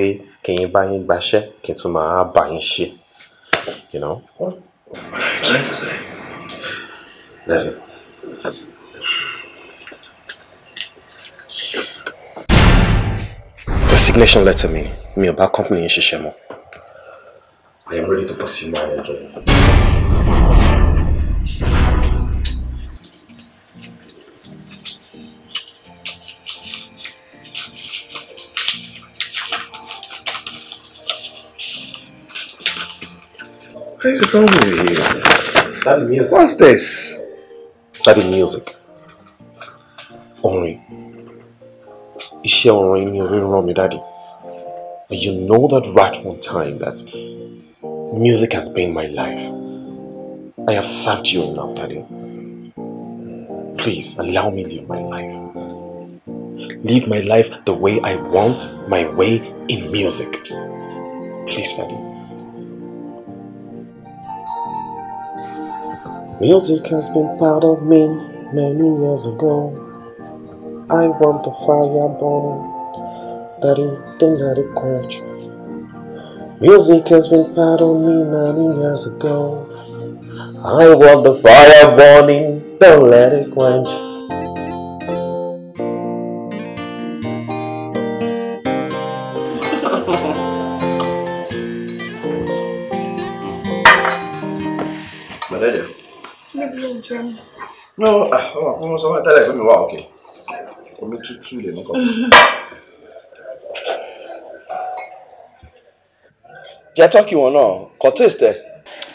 kí n bá yín gbaṣẹ́ kí n tún máa bá yín ṣe you know. What am Resignation letter mi mi ò bá company yín ṣiṣẹ́ mọ́. I am ready to pursue my own journey. What is wrong with you? That music. What's this? That music. Only. Is she already orin rán Daddy. And you know that right from time that music has been my life. I have served you enough, Daddy. Please allow me live my life live my life the way I want, my way in music. Please, Daddy. Music has been part of me many years ago. I want the fire burning, that it don't let it quench. Music has been part of me many years ago. I want the fire burning, don't let it quench. jẹun. no ọmọ kí wọ́n sọ wọn tẹ́lẹ̀ pé mi wà òkè omi tútù lè mú kọ́. jẹ tọ́kì wọn náà kò taste ẹ̀.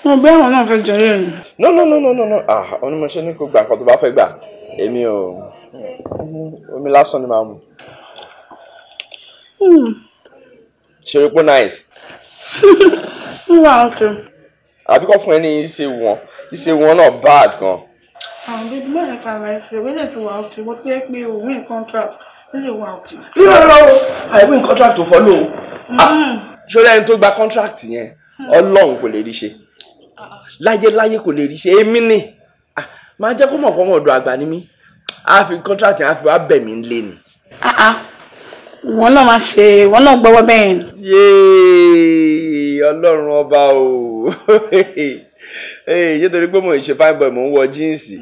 mo gbé àwọn náà fẹ́ jẹ lẹ́yìn. no no no no no no ah onímọ̀ṣẹ́ ní kò gbà nǹkan tó bá fẹ́ gbà èmi ò omi lásán ni màá mu. Hmm. ṣe rí pé nice. *laughs* wà á tó. àbíkọ́ fún ẹ ní í ṣe ìṣe wọn náà bad gan. àwọn bíbí mẹ́rin fara ẹsẹ̀ wẹ́lẹ̀ ti wà òkè wọ́n tẹ́ pé òun ní contract ó lè wà òkè. yíyọ lọ I win contract ò fọ́lọ́ o ah, hmm. ṣọlá ẹni tó gba contract yẹn hmm. ọlọ́run kò lè rí ṣe láyéláyé kò lè rí ṣe èmi ni ah, máa jẹ́ kó mọ̀ pé ọmọ ọ̀dọ̀ àgbà ni mí a fi contract yẹn a fi wá bẹ̀ mí lé ni. Ah, wọn náà máa ṣe wọn náà gbọ́wọ́ bẹ́ẹ̀. yéé ọlọ́run ọba o. *laughs* ee ṣé torí pé mo ń ṣe fine boy mo ń wọ jíǹsì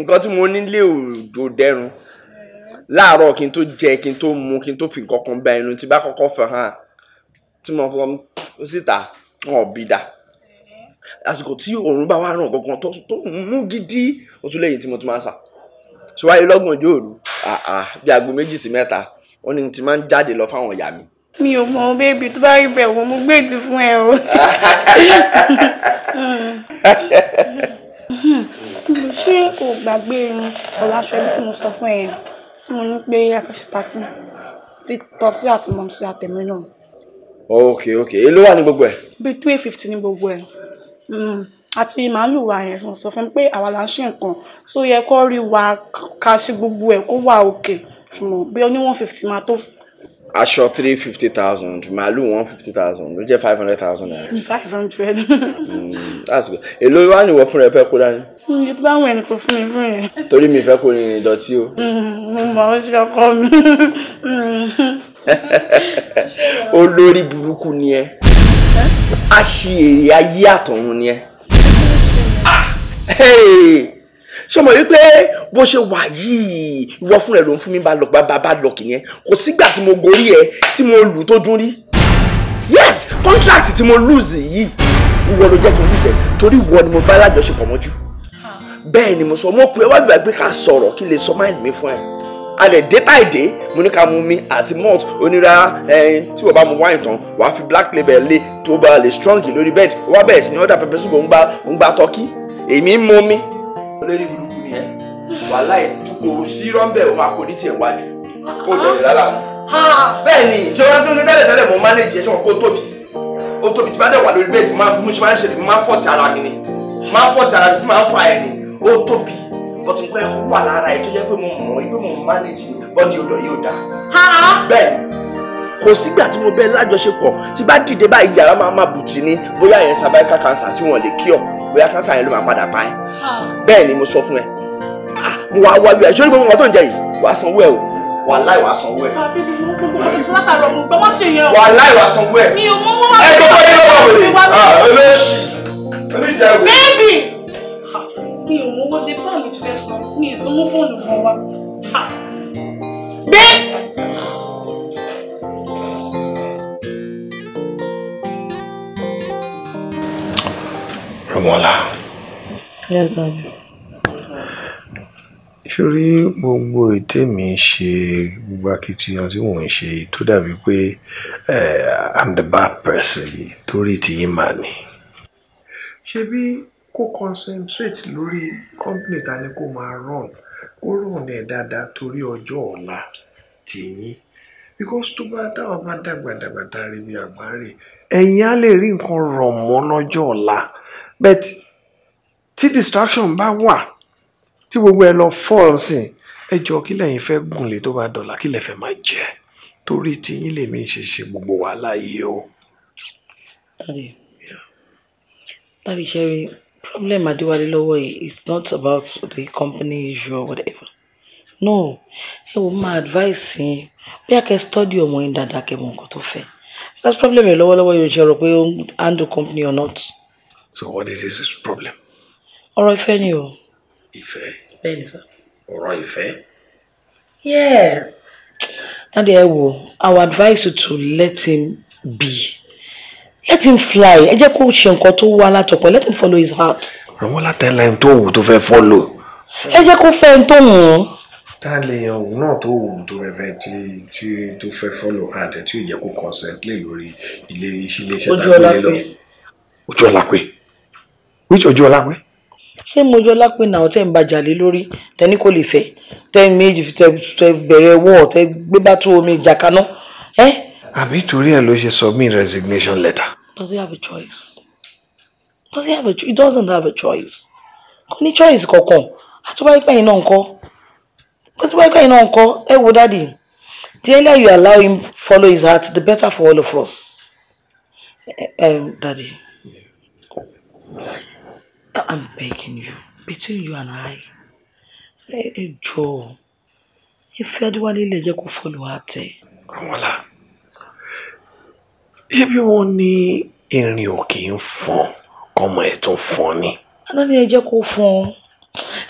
nǹkan tí mo nílé òdo dẹrùn láàárọ̀ kí n tó jẹ kí n tó mu kí n tó fi nǹkan kan bá inú tí bá kọ́kọ́ fẹ́ hàn tí mo kọ́ síta wọn ò bí da àsìkò tí òòrùn bá wà ràn gangan tó mú gidi oṣù lẹ́yìn tí mo ti máa ń sà ṣùgbọ́n ayé lọ́gànjọ́ òru bí aago méjì sí mẹ́ta ó ní ti máa ń jáde lọ fáwọn ìyá mi mi ò mọ bébì tó bá rí bẹ́ẹ̀ wọ́n mo gbé ìdí fún ẹ o. *laughs* Hmm. ṣé o gbàgbé irun ọ̀rọ̀ aṣọ ibi tí mo sọ fún ẹ tí mo ní pé afẹ́ṣẹ́ pátì tí pọ́psí àti mọ́mísí àtẹ̀mí náà. ok ok èló wà ní gbogbo ẹ. bíi two fifty ní gbogbo ẹ hmm. àti màálù wa yẹn sọ sọ fún mi pé àwa là ń ṣe nǹkan tó yẹ kó rí wa ká ṣe gbogbo ẹ kó wà òkè ṣùgbọ́n bí ó ní one fifty máa tó aṣọ three fifty thousand màálù one fifty thousand ló jẹ́ five hundred thousand naira. Mm, five hundred. Mm, that's good èló wá ní ìwọ fúnra ẹ fẹ́ kó dání. iye mm, tó bá wọn ẹni kò fún mi fún yẹn. torí mi fẹ́ kó rìnrìn ìdọ̀tí o. mo mọ ó ṣe ọkọ mi. *laughs* olórí burúkú ni ẹ a ṣe èrè ayé àtọ̀run ni ẹ ṣé mo rí pé bó ṣe wà yìí ìwọ fún ẹ ló ń fún mi bá lọ bá bá lọ kìyẹn kò sígbà tí mo gorí ẹ tí mo lù tó dún rí yes contract tí mo lose yìí ìwọ ló jẹ́ kí n lose ẹ torí ìwọ ni mo bá lájọṣepọ̀ mọ́jú bẹ́ẹ̀ ni mo sọ mo pe wájú àgbẹ̀ ká sọ̀rọ̀ kí lè sọ mind mi fún ẹ a lè dé táì dé mo ní ká mu mi àti malt onira ẹyin tí wọ́n bá mu wine tán wàá fi black label lé tó bá lè strong lórí bed wọ́n bẹ̀rẹ̀ sí ní order pepper soup òun gba òun gba turkey èmi ń mu mi olórí burúkú ni ẹ wàhálà ìdúkọ sí rọ́ńbẹ́ òun akọni tiẹ̀ wájú kó tẹ̀lé lálà. bẹ́ẹ̀ ni ìjọba tó ń gbé tẹ́lẹ̀ tẹ́lẹ̀ mo manage ẹ̀ kó tóbi ó tóbi tí bá dẹ̀ wà lórí bẹ́ẹ̀ mú ṣe máa ń ṣẹlẹ̀ máa ń fọ̀sì ara mi ni máa ń fọ̀sì ara mi tí máa ń fa ẹ̀ ni ó tóbi bọ́tún pé fún wà lára ẹ̀ tó jẹ́ pé mo mọ̀ ẹ́ pé mo manage bọ́dí odò yóò dáa. bẹ́ẹ̀ ni kò sígbà tí mo bẹ lájọṣepọ̀ tí bá dìde báyìí yàrá máa máa bùtì ní bóyá yẹn cervical cancer tí wọ́n lè cure bóyá cancer yẹn ló máa padà pa bẹ́ẹ̀ ni mo sọ fún ẹ ah, mo wá wá bí ẹ gbogbo nǹkan tó ń jẹ yìí wàá sanwó ẹ o wà láì wàá sanwó ẹ. ìsìlátàrọ̀ mo gbọ́ wà láì sanwó ẹ. mi ò mọ wọ́n wá. ẹ gbọ́ yóò wà wèrè olóṣì oníjà ìwé. bẹ́ẹ̀bì mi ò mọ wọ́n dé báwọn ìjìnlẹ̀ sọ mi ì Rọmọlá. Sórí gbogbo ètè mi ṣe gbogbo akitiyan tí mò ń ṣe tó dàbí pé I'm the bad person torí ti yín mà ni. Ṣebí kó concentrate lórí company ta ni kó máa run kó run ẹ̀ dáadáa torí ọjọ́ ọ̀la tìyín because tó bá táwa bá dàgbà dàgbà tá a rí bí àgbáre ẹ̀yin á lè rí nǹkan rọ̀ mọ́ lọ́jọ́ ọ̀la but tí distraction bá wà tí gbogbo ẹ lọ fall sí ẹ jọ kí lẹ́yìn fẹ́ gùn lé tó bá dọ̀là kí lẹ́fẹ̀ẹ́ máa jẹ torí tí yín lèmi ń ṣe ṣe gbogbo wàhálà yìí o. Daddy Sherry, problem Adewale lọ́wọ́ yìí is not about the company issue or whatever. No, ẹ wo máa advice yín bí a kẹ́ study ọmọ yín dáadáa kẹ́ mọ nǹkan tó fẹ́. That's problem ẹ lọ́wọ́lọ́wọ́ yóò ṣe rò pé ó ń handle company or not. So what is this problem? Ọ̀rọ̀ ìfẹ́ ni o. Ìfẹ́? Bẹ́ẹ̀ni sir. Ọ̀rọ̀ ìfẹ́? Yes. Dádì ẹ wo, I would advise you to let him be. Let him fly. Ẹ jẹ́ kó ṣe nǹkan tó wá látọ̀pọ̀. Let him follow his heart. Àwọn látẹ̀lẹ̀ ń tó wù tó fẹ́ follow. Ẹ jẹ́ kó fẹ́ ń tó wù ú. Tá lè yan òun náà tó wù tó fẹ́ tí tí tó fẹ́ follow àtẹ̀ tí ò jẹ́ kó concentrate lórí ilé iṣẹ́ ìṣẹ́ tàbí ilé lọ. Ojú ọlá pé. Ojú ọlá pé which ọjọ́ ọlápẹ́. ṣé mo jọ lápẹ́ náà tẹ́ ń bá jàlé lórí tẹ́ni kò lè fẹ́ tẹ́ méjì tẹ́ bẹ̀rẹ̀ wọ́ tẹ́ gbé bá tó omi ìjà kaná. àbí torí ẹ ló ṣe submit resignation letter. does he have a choice? does he have a choice? he doesn't have a choice. kò ní choice kankan àtúbáyé pẹ̀yìn náà ń kọ́ àtúbáyé pẹ̀yìn náà ń kọ́ ẹ wo dáàdì. The earlier you allow him follow his heart, the better for all of us. Um, Daddy. Yeah. I'm begging you, between you and I, ẹ jọ̀ọ́ ìfẹ́ adéwálé lè jẹ́ kó fọlù àtẹ. Ọmọlá, ṣé bí wọ́n ní irin òkè ń fọn kọ́mọ ẹ̀ tó ń fọn ni? Adáni ẹ jẹ́ kó fọn,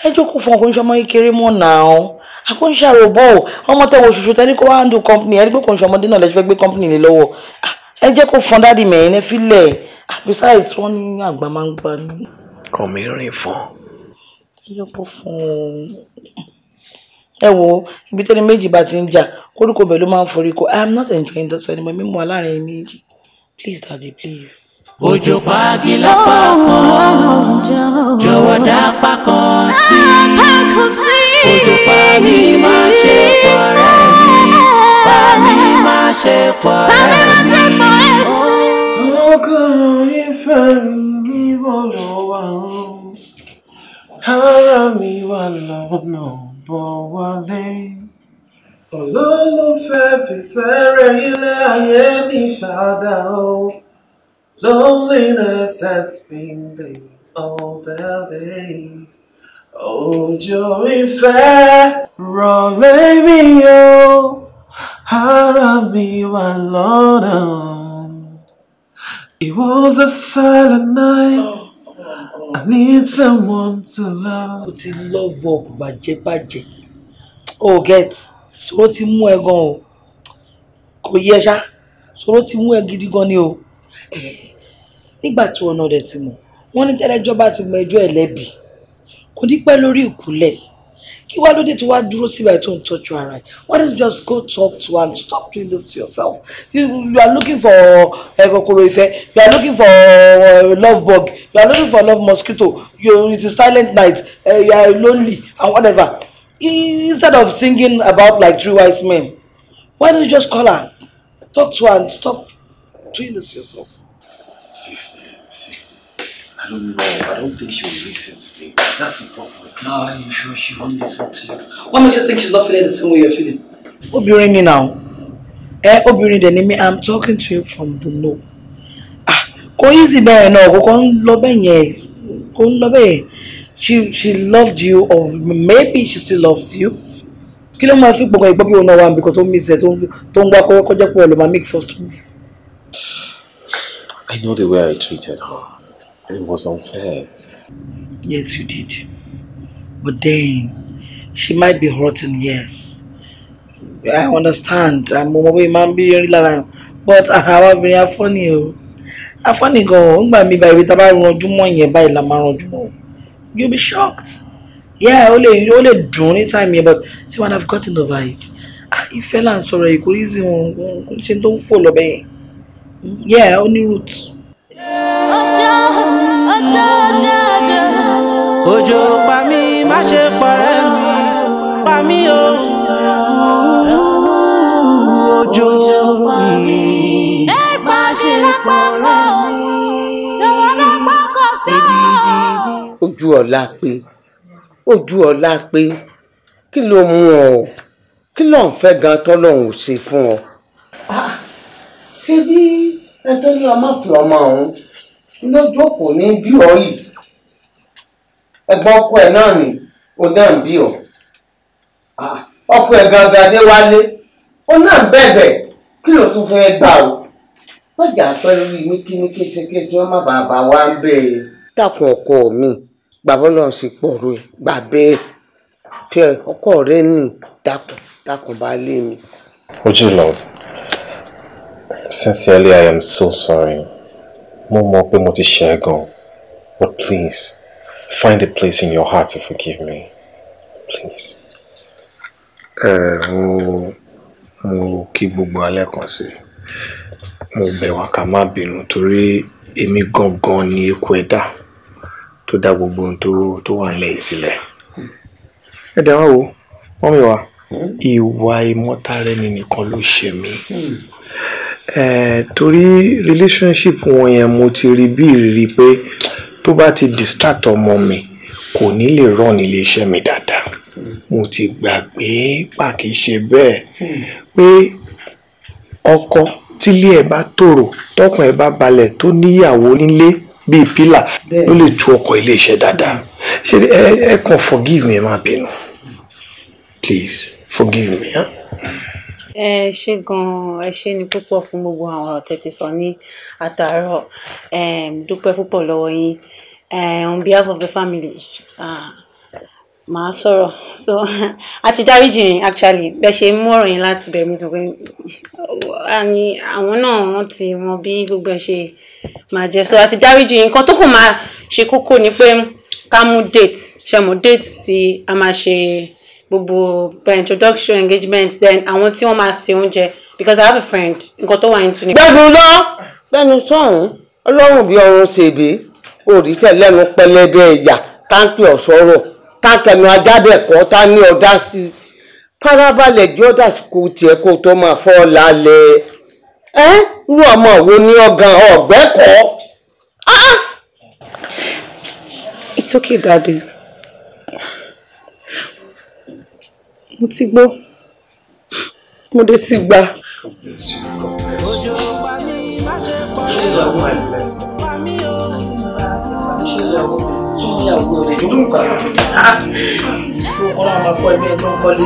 ẹ jẹ́ kó fọn kò ń ṣọmọ kékeré mọ́ náà o. Àkóńṣe àròbọ̀ I'm ọmọ tẹ̀wọ̀ ṣoṣo tẹ́ ní kó wá ń dùn I'm ẹ rí pé kò ń ṣọmọdé náà lẹ́sìn fẹ́ I'm kọ́mpìnì lé lọ́wọ́ ẹ jẹ́ kó fọn dáàdì mẹ́rin ẹ fi lẹ̀ besides wọ́n ní àgbà máa ń gbà mí ọkọ mi rìn fún. yọ̀bọ̀ fún un. ẹ wo ibi tẹ́ni méjì bá ti ń jà koríko bẹ̀ ló máa ń forí ko i am not enjoying this anymore mímú wa láàrin méjì please daddy please. òjò pàgì lápá kan jọ̀wọ́ dá apá kan sí i òjò pàgì má ṣe pọ̀ rẹ̀ yìí pàmì má ṣe pọ̀ rẹ̀ yìí. ọkùnrin ìfẹ́ mi ní bọ̀rọ̀. alone. Ara mi wà lọ́nà bọ̀ wálé. Olólùfẹ́ fífẹ́ rẹ̀ ilé ayé mi padà o. Loneliness has been there all the day. joy ìfẹ́ rọ̀ lé mi o. Ara mi wà lọ́nà. It was a silent night. Oh. I need someone to love. O ti love ọ kò bàjẹ́ bàjẹ́. O get sọ̀rọ̀ ti mú ẹ gan o. Kò yẹ ṣá sọ̀rọ̀ ti mú ẹ gidi gan ni o. Eh, nígbà tí ọ̀nà rẹ̀ ti mọ̀, wọ́n ní tẹ́lẹ́jọ́ bá ti mọ ẹjọ́ ẹ̀ lẹ́bi. Kò ní pẹ́ lórí ìkúnlẹ̀ kí wá lóde tí wá dúró síbẹ̀ tó ń tọ́jú ara ẹ̀ why don't you just go talk to her and stop doing this to yourself you, you are looking for ẹ eh, kòkòrò ìfẹ́ you are looking for uh, love bug you are looking for love mosquito you it is silent night uh, you are lonely and whatever instead of singing about like three wise men why don't you just call her talk to her and stop doing this to yourself. I don't know. I don't think she will listen to me. That's the problem. No, are you sure she won't listen to you? What makes you think she's not feeling the same way you're feeling? Obìnrin me now. Eh, obìnrin dẹ̀ ni I'm talking to you from the know. Ah, go easy bẹ́ẹ̀ No, go kàn Love lọ Go yẹn, kò ń She she loved you or maybe she still loves you. Kí ló máa fi gbọ̀ngàn ìgbọ́ bí òun náà wà níbi kan tó ń mí ìṣẹ́ tó ń wá kọ́kọ́ jẹ́ pé make first move. I know the way I treated her. It was unfair. Yes, you did. But then, she might be hurting, yes. I understand. I'm away, man, be But however, you are funny. A funny, go. I'm going by with about one Jumon, you're by Lamaron Jumon. You'll be shocked. Yeah, only, only drone time here, but see when I've gotten over it. If fell and sorry, go easy on, she don't follow me. Yeah, only roots ojo. pa mí má ṣe pọ̀rẹ́ mi pa mí o òjò mi. ẹ má ṣe pọ̀rẹ́ mi tọwọ́ náà pọ̀kọ̀ sí ọ. ojú ọ̀la pé ojú ọ̀la pé kí ló mú ọ kí ló ń fẹ́ gan tọ́lọ́hún ṣe fún ọ. Ah, ṣé bí ẹ tó ní ọmọ fi ọmọ ọ̀hún ló jókòó ní bí ọ yìí ẹ̀gbọ́n ọkọ ẹ̀ náà ni ó náà ń bí ọ ọkọ ẹ̀ gangan dé wálé ó náà bẹ̀bẹ̀ kí ló tún fẹ́ gbà o lọ́jà pẹ̀lú mi kí ni kéṣekéṣe wọn má wa ń bẹ̀ dákun ọkọ mi bàbá Ọlọ́run sì pọrọ gbàgbé fẹ ọkọ rẹ ní dákun dákun bá lé mi. Ojúlọ, sincerely I am so sorry mo mọ̀ pé mo ti ṣe é gan but please find a place in your heart to forgive me please. ẹ mo mo kí gbogbo alẹ́ kan sí mo bẹ̀ wá ká má bínú torí èmi gangan ni eku ẹ̀dá tó dá gbogbo ohun tó tó wà nílẹ̀ yìí sílẹ̀. ẹ dẹ̀ wá wo wọ́n mi wá ìwà ìmọ̀tara ẹni nìkan ló ṣe mí. Mm eh, torí relationship wọn yẹn mo ti rí bí ìrírí pé tó bá ti distract ọmọ mi kò ní lè run ilé iṣẹ́ mi dáadáa mo ti gbà pé pàkì ṣe bẹ́ẹ̀ pé ọkọ tílé ẹ̀ bá tòrò tọkàn ẹ̀ bá balẹ̀ tó níyàwó nílé bíi pílà ló lè tu ọkọ ilé iṣẹ́ dáadáa ṣe ẹ ẹ kàn forgive me ẹ má bínú please forgive me. Huh? ẹ ṣé gan-an ẹ ṣé ni púpọ̀ fún gbogbo àwọn ọ̀rọ̀ tẹ́ ti sọ ní àtàárọ̀ dúpẹ́ púpọ̀ lọ́wọ́ yín on behalf of the family màá sọ̀rọ̀ so *laughs* a ti dáríjì actually bẹ́ẹ̀ ṣe mú ọ̀rọ̀ yín láti bẹ̀rẹ̀ mi tó pé àwọn náà wọ́n ti mọ bí gbogbo ẹ̀ ṣe máa jẹ́ so a ti dáríjì yín nǹkan tó kù máa ṣe kókó ni pé ká mú date ṣe mú date tí a máa ṣe gbogbo uh, introduction engagement then àwọn tí wọ́n máa ṣe oúnjẹ because i have a friend nǹkan tó wà into ni. gbẹ́nu lọ gbẹ́nu sọ̀hún ọlọ́run bíi ọrùn ṣèbí òrí tẹ̀lẹ́nu pẹlẹbẹ ẹ̀yà táǹkì ọ̀ṣọ́rọ̀ táǹkẹ̀nu ajábẹ̀kọ́ tá ní ọ̀dá sí i farabalẹ̀ jẹ́ ọ̀dà kò tiẹ̀ kó tó máa fọ́ lálẹ́ ẹ́ irú ọmọ wo ni ọ̀gàn ọ̀gbẹ́kọ̀ọ́. Ah! It's okay, Daddy mo ti gbọ́ mo dé ti gbà. Ọlọ́run máa fọ ẹbí ẹ tó ń kọ́lé.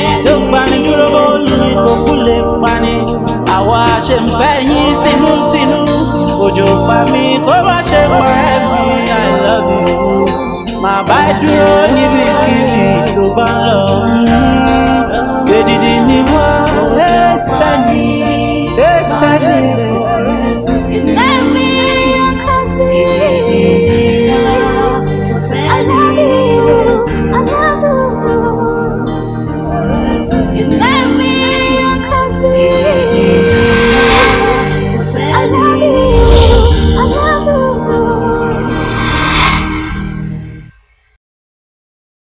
òjò pa mí kó má ṣe pa ẹ̀mí i love you má bá dúró níbikíbi tó bá ń lọ. èdìdì ni wọ́n ẹ̀ sẹ́ni ẹ̀ sẹ́ni.